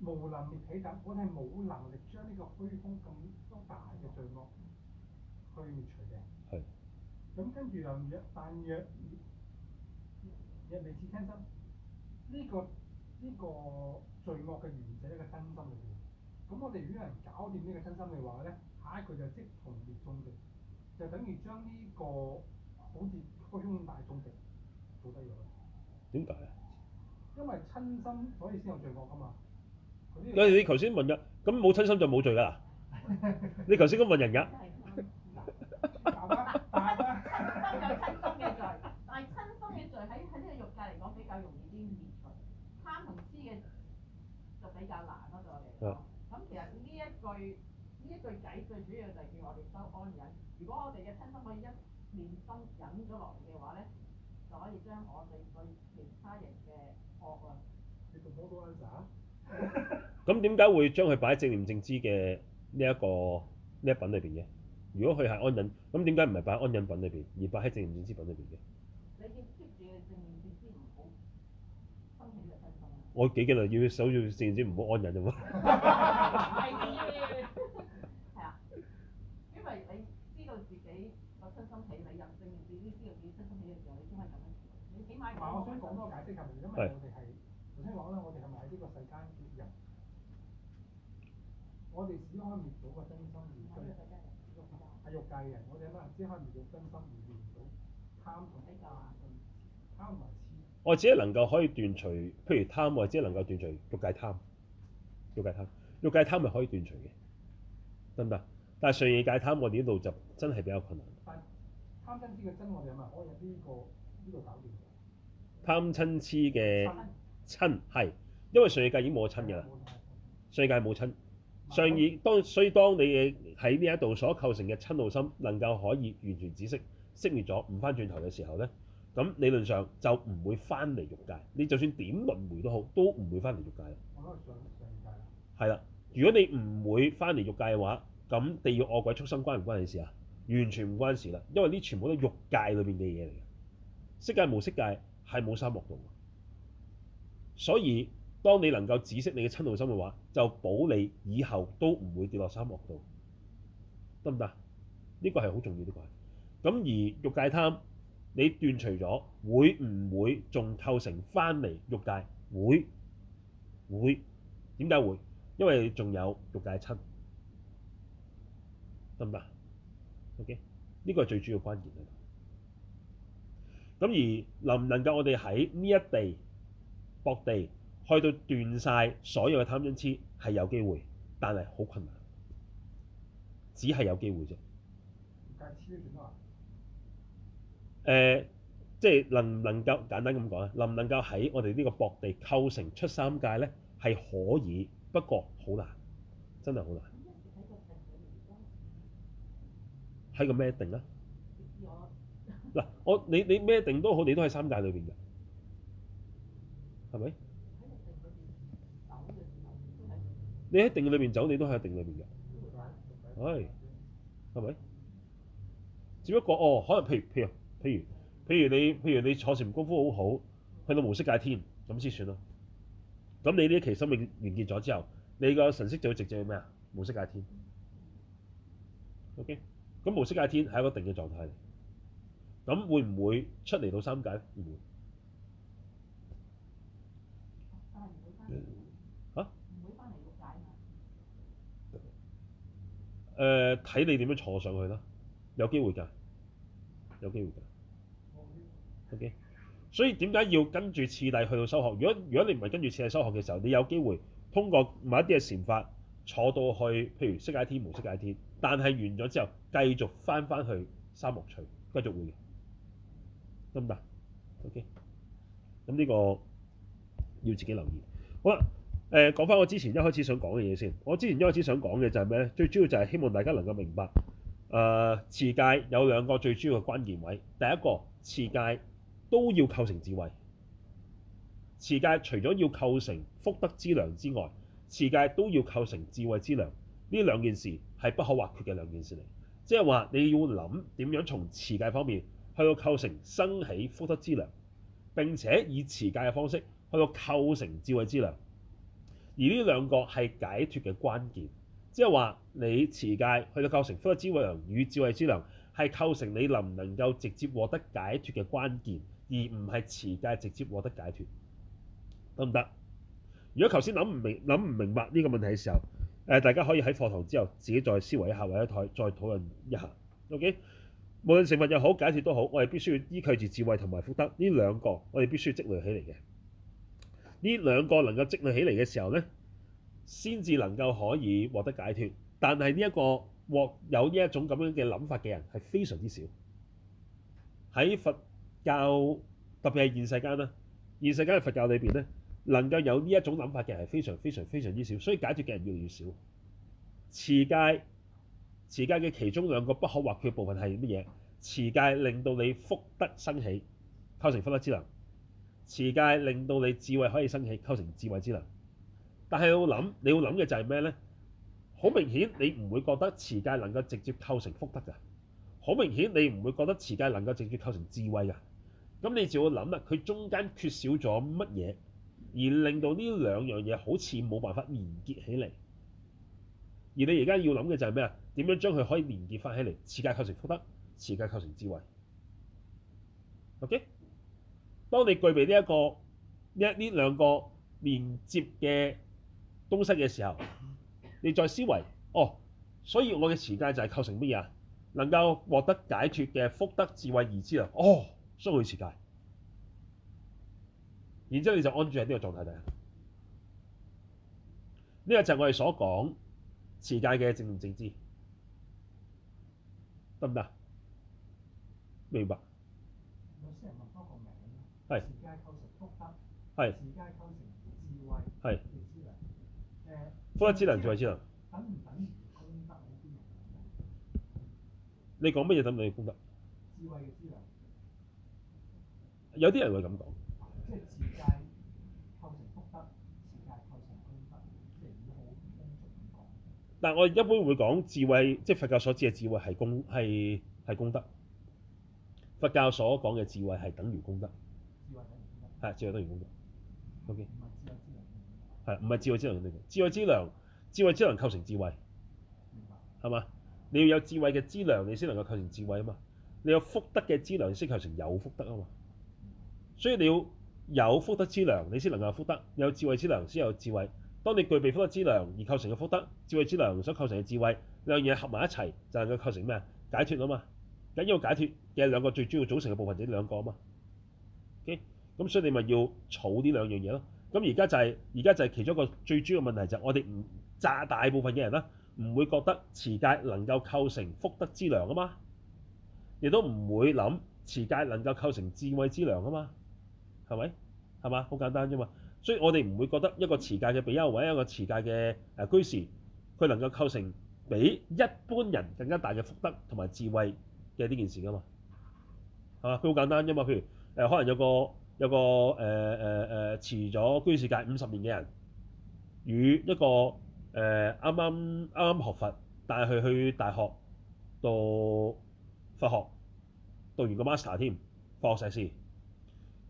無能滅起等，我哋係冇能力將呢個虛空咁多大嘅罪惡去除嘅。係是。咁跟住，若但若，若未至真心，呢個呢個罪惡嘅源就喺個真心裏邊。咁我哋如果有人搞掂呢個真心嘅話咧，下一句就即同滅眾敵，就等於將呢個好似虛空咁大眾敵做低咗。點解啊？因為親身所以先有罪惡㗎嘛。嗱，你頭先問噶，咁冇親心就冇罪啦。你頭先咁問人噶， 有親心嘅罪，但係親心嘅罪喺喺呢個肉界嚟講比較容易啲滅除，貪同痴嘅就比較難咯對我哋。咁其實呢一句呢一句偈最主要就係叫我哋收安忍。如果我哋嘅親心可以一面心忍咗落嚟嘅話咧，就可以將我哋。咁點解會將佢擺喺正念正知嘅呢一個呢一品裏邊嘅？如果佢係安忍，咁點解唔係擺喺安忍品裏邊，而擺喺正念正知品裏邊嘅？你記住正念正知唔好心氣力太重。我幾驚啊！要守住正念正知唔好安忍啫嘛。係啊，因為你知道自己個身心體，你入正念正知，知道自己身心體嘅時候，你先係咁樣。你起碼唔係，我想講多個解釋㗎，因為我哋係頭先講啦，我哋。我哋只安滅到個真心如性，我哋咁啊，只可以滅到真心如性，我只係能夠可以斷除，譬如貪，我只係能夠斷除欲界貪。欲界貪，欲界貪咪可以斷除嘅，得唔得？但係上二界貪，我哋呢度就真係比較困難。貪瞋痴嘅瞋，係瞋因為上二界已經冇瞋㗎啦。上二界冇瞋。上意當，所以當你喺呢一度所構成嘅親路心能夠可以完全止息熄滅咗，唔翻轉頭嘅時候呢，咁理論上就唔會翻嚟欲界。你就算點輪迴都好，都唔會翻嚟欲界。係啦，如果你唔會翻嚟欲界嘅話，咁地獄惡鬼畜生關唔關你事啊？完全唔關事啦，因為呢全部都係欲界裏邊嘅嘢嚟嘅。色界冇，色界係冇三惡道。所以。當你能夠止息你嘅瞋恚心嘅話，就保你以後都唔會跌落三惡道，得唔得？呢個係好重要呢個。咁而欲界貪，你斷除咗，會唔會仲構成翻嚟欲界？會，會。點解會？因為仲有欲界瞋，得唔得？OK，呢個係最主要關鍵啊。咁而能唔能夠我哋喺呢一地薄地？去到斷晒所有嘅貪嗔痴係有機會，但係好困難，只係有機會啫。誒，即係能唔能夠簡單咁講啊？能唔能夠喺我哋呢個薄地構成出三界咧？係可以，不過好難，真係好難。喺個咩定啊？嗱我，我你你咩定都好，你都喺三界裏邊嘅，係咪？你喺定裏面走，你都係喺定裏面嘅，唉，係咪？只不過哦，可能譬如譬如譬如譬如你譬如你坐禪功夫好好，去到無色界天，咁先算咯。咁你呢一期生命完結咗之後，你個神識就會直接去咩啊？無色界天。O.K. 咁無色界天係一個定嘅狀態。咁會唔會出嚟到三界咧？唔會。誒睇、呃、你點樣坐上去啦，有機會㗎，有機會㗎，OK。所以點解要跟住次第去到修學？如果如果你唔係跟住次第修學嘅時候，你有機會通過某一啲嘅禪法坐到去，譬如色界天、無色界天。但係完咗之後，繼續翻翻去三惡趣，繼續會嘅，得唔得？OK。咁呢個要自己留意。好啦。誒講翻我之前一開始想講嘅嘢先。我之前一開始想講嘅就係咩咧？最主要就係希望大家能夠明白誒，持、呃、戒有兩個最主要嘅關鍵位。第一個持戒都要構成智慧。持戒除咗要構成福德之糧之外，持戒都要構成智慧之糧。呢兩件事係不可或缺嘅兩件事嚟，即係話你要諗點樣從持戒方面去到構成生起福德之糧，並且以持戒嘅方式去到構成智慧之糧。而呢兩個係解脱嘅關鍵，即係話你持戒去到構成福德之糧與智慧之糧，係構成你能唔能夠直接獲得解脱嘅關鍵，而唔係持戒直接獲得解脱，得唔得？如果頭先諗唔明、諗唔明白呢個問題嘅時候，誒、呃、大家可以喺課堂之後自己再思維一下，或者再討論一下。OK，無論成佛又好解脱都好，我哋必須要依靠住智慧同埋福德呢兩個，我哋必須要積累起嚟嘅。呢兩個能夠積累起嚟嘅時候咧，先至能夠可以獲得解脱。但係呢一個獲有呢一種咁樣嘅諗法嘅人係非常之少。喺佛教特別係現世間啦，現世間嘅佛教裏邊咧，能夠有呢一種諗法嘅人係非常非常非常之少，所以解脫嘅人越嚟越少。持戒，持戒嘅其中兩個不可或缺部分係乜嘢？持戒令到你福德生起，構成福德之能。持戒令到你智慧可以升起，構成智慧之能。但係要諗，你要諗嘅就係咩呢？好明顯，你唔會覺得持戒能夠直接構成福德㗎。好明顯，你唔會覺得持戒能夠直接構成智慧㗎。咁你就要諗啦，佢中間缺少咗乜嘢，而令到呢兩樣嘢好似冇辦法連結起嚟。而你而家要諗嘅就係咩啊？點樣將佢可以連結返起嚟？持戒構成福德，持戒構成智慧。OK。當你具備呢一個呢一呢兩個連接嘅東西嘅時候，你再思維，哦，所以我嘅持戒就係構成乜嘢啊？能夠獲得解脱嘅福德智慧而知啦，哦，失去持戒。然之後你就安住喺呢個狀態度。呢、這個就係我哋所講持戒嘅正念正知，得唔得？明白？係。係。係。福德之能，智慧之能。等唔等功德？你講乜嘢等唔等於功德？智慧之能。有啲人會咁講。即係時界構成福德，時界構成功德，即係唔好咁講。但係我一般會講智慧，即係佛教所知嘅智慧係功係係功德。佛教所講嘅智慧係等於功德。係、啊、智慧多元工作，OK。係唔係智慧之良嘅工作？智慧資糧、智慧資糧構成智慧，係嘛？你要有智慧嘅資糧，你先能夠構成智慧啊嘛。你有福德嘅資糧，先構成有福德啊嘛。所以你要有福德資糧，你先能夠有福德；有智慧資糧，先有智慧。當你具備福德資糧而構成嘅福德、智慧資糧所構成嘅智慧兩樣嘢合埋一齊，就係能夠構成咩啊？解脫啊嘛。緊要解脫嘅兩個最主要組成嘅部分就係兩個啊嘛。OK。咁所以你咪要儲呢兩樣嘢咯。咁而家就係而家就係其中一個最主要問題就係我哋唔炸大部分嘅人啦，唔會覺得持戒能夠構成福德之糧啊嘛，亦都唔會諗持戒能夠構成智慧之糧啊嘛。係咪？係嘛？好簡單啫嘛。所以我哋唔會覺得一個持戒嘅比丘或者，一個持戒嘅誒居士，佢能夠構成比一般人更加大嘅福德同埋智慧嘅呢件事噶嘛。係嘛？佢好簡單啫嘛。譬如誒、呃，可能有個。有一個誒誒誒，持、呃、咗、呃、居士戒五十年嘅人，與一個誒啱啱啱啱學佛，但帶佢去大學讀佛學，讀完個 master 添，佛學碩士。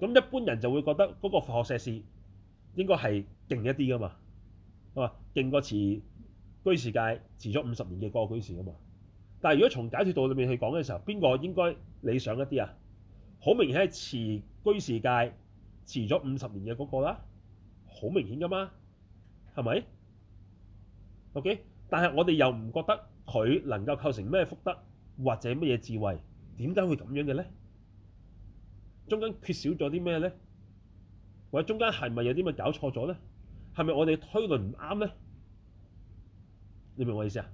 咁一般人就會覺得嗰個佛學碩士應該係勁一啲㗎嘛，啊勁過持居士戒持咗五十年嘅嗰個居士啊嘛。但係如果從解脫道裡面去講嘅時候，邊個應該理想一啲啊？好明顯係持居士戒，持咗五十年嘅嗰個啦，好明顯噶嘛，係咪？OK，但係我哋又唔覺得佢能夠構成咩福德或者咩嘢智慧，點解會咁樣嘅咧？中間缺少咗啲咩咧？或者中間係咪有啲乜搞錯咗咧？係咪我哋推論唔啱咧？你明我意思啊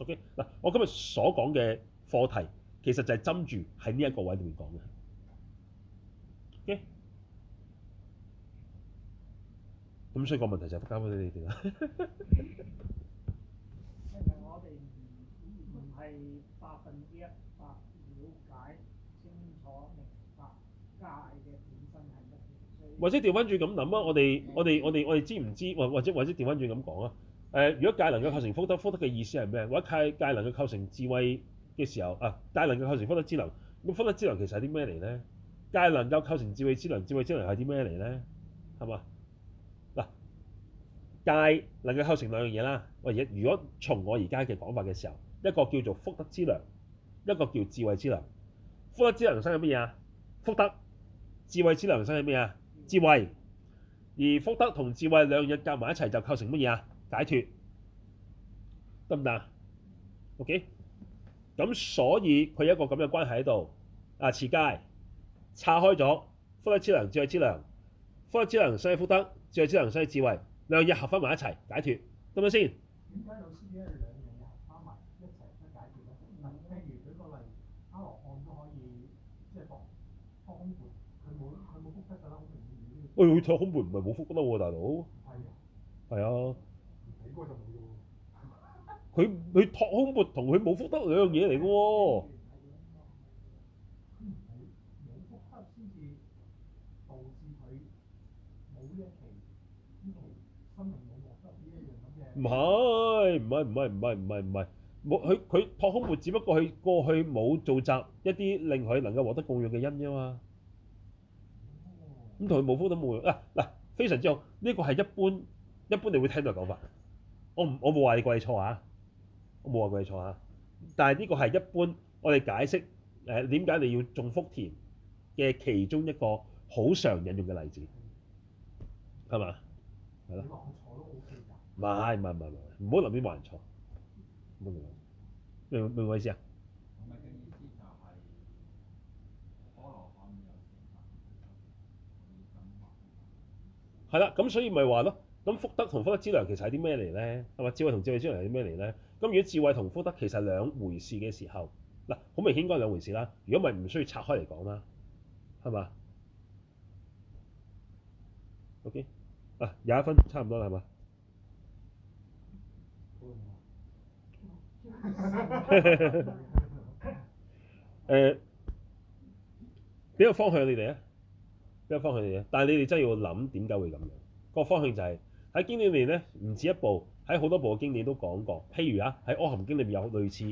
？OK，嗱，我今日所講嘅課題。其實就係針住喺呢一個位度講嘅，OK，咁所以個問題就係交畀你哋喇。因為我哋唔係百分之一百瞭解清楚明白戒嘅本質係乜，或者調翻轉咁諗啊，我哋麼我哋我哋我哋知唔知或或者或者調翻轉咁講啊？誒、呃，如果戒能夠構成福德，福德嘅意思係咩？或者戒戒能夠構成智慧？嘅時候啊，戒能夠構成福德之能，咁福德之能其實係啲咩嚟咧？戒能夠構成智慧之能，智慧之能係啲咩嚟咧？係嘛？嗱，戒能夠構成兩樣嘢啦。我如果從我而家嘅講法嘅時候，一個叫做福德之能，一個叫智慧之能。福德之能生係乜嘢啊？福德。智慧之能生係咩啊？智慧。而福德同智慧兩樣嘢夾埋一齊就構成乜嘢啊？解脱。得唔得啊？OK。咁所以佢有一個咁嘅關係喺度，啊，次佳拆開咗福德之能、智慧之能，福德之能生起福德，智慧之能生起智慧，兩嘢合翻埋一齊，解脱。啱唔啱先？點解，老師點解兩嘢係翻埋一齊都解決咧？嗱，譬如舉個例，阿羅漢都可以即係當空門，佢冇佢冇福德噶啦，好明顯。哎呀，佢睇空門唔係冇福德喎，大佬。係啊。佢佢托空缽同佢冇福得兩樣嘢嚟嘅喎。唔係唔係唔係唔係唔係唔係，冇佢佢托空缽，只不過佢過去冇做積一啲令佢能夠獲得供養嘅因啫嘛。咁同佢冇福都冇用啊！嗱，非常之好，呢個係一般一般你會聽到嘅講法。我唔我唔會話你怪錯啊。我冇話佢錯嚇，但係呢個係一般我哋解釋誒點解你要種福田嘅其中一個好常引用嘅例子，係嘛？係咯。話錯都冇事㗎。唔係唔係唔係唔係，唔好立亂話人錯。明唔明？明唔明意思啊？唔係嘅意思就係可樂下面有啲乜嘢咁啊？係啦，咁所以咪話咯，咁福德同福德資糧其實係啲咩嚟咧？係咪？智慧同智慧資糧係啲咩嚟咧？咁如果智慧同福德其實兩回事嘅時候，嗱，好明顯應該兩回事啦。如果唔係唔需要拆開嚟講啦，係嘛？OK，啊廿一分差唔多啦，係嘛？誒、 呃，邊個方向你哋啊？邊個方向你、啊、哋？但係你哋真係要諗點解會咁樣？個方向就係、是、喺經典入面咧，唔止一步。喺好多部經典都講過，譬如啊，喺《阿含經》裏面有類似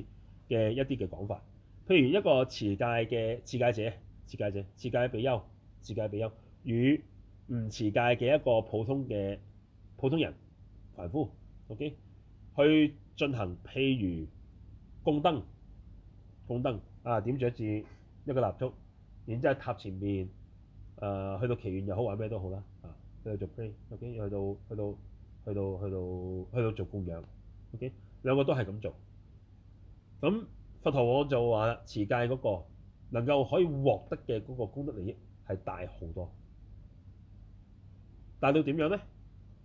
嘅一啲嘅講法。譬如一個持戒嘅持戒者、持戒者、持戒比丘、持戒比丘，與唔持戒嘅一個普通嘅普通人、凡夫，OK，去進行譬如供燈、供燈啊，點著一支一個蠟燭，然之後塔前面誒、呃、去到祈願又好，或者咩都好啦啊，去到做 p r a o k 去到去到，去到去到去到去到做供養，OK，兩個都係咁做。咁佛陀王就話啦，持戒嗰個能夠可以獲得嘅嗰個功德利益係大好多，大到點樣咧？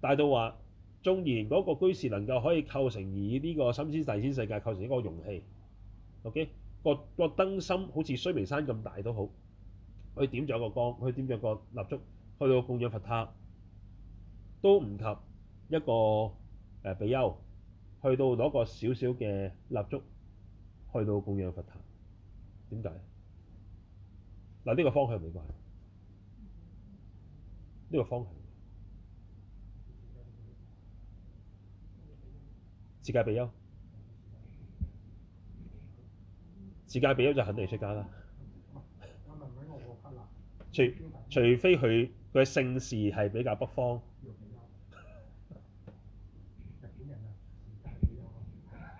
大到話，縱然嗰個居士能夠可以構成以呢個三千大千世界構成一個容器，OK，個個燈芯好似須彌山咁大都好，去點咗個光，去點咗個蠟燭，去到供養佛塔都唔及。一個誒比丘去到攞個少少嘅蠟燭去到供養佛塔。點解？嗱、這、呢個方向唔怪，呢、這個方向。自戒比丘，自戒比丘就肯定出家啦 除除非佢嘅姓氏係比較北方。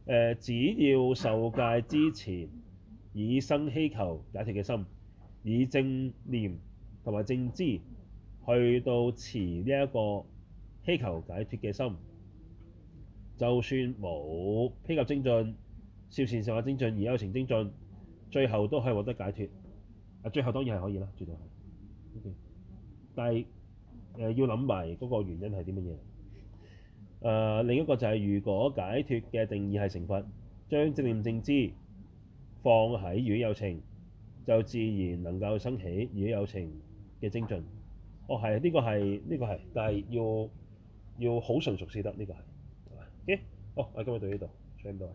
誒、呃、只要受戒之前以生希求解脱嘅心，以正念同埋正知去到持呢一個希求解脱嘅心，就算冇披甲精進、攝善法精進而有情精進，最後都可以獲得解脱。啊，最後當然係可以啦，絕對係。Okay，但係、呃、要諗埋嗰個原因係啲乜嘢？誒、呃、另一個就係、是，如果解脫嘅定義係成佛，將正念正知放喺如果有情，就自然能夠生起如果有情嘅精進。哦，係，呢、這個係呢、這個係，但係要要好純熟先得，呢、這個係。係咪？OK，好，我今日到呢度，上度。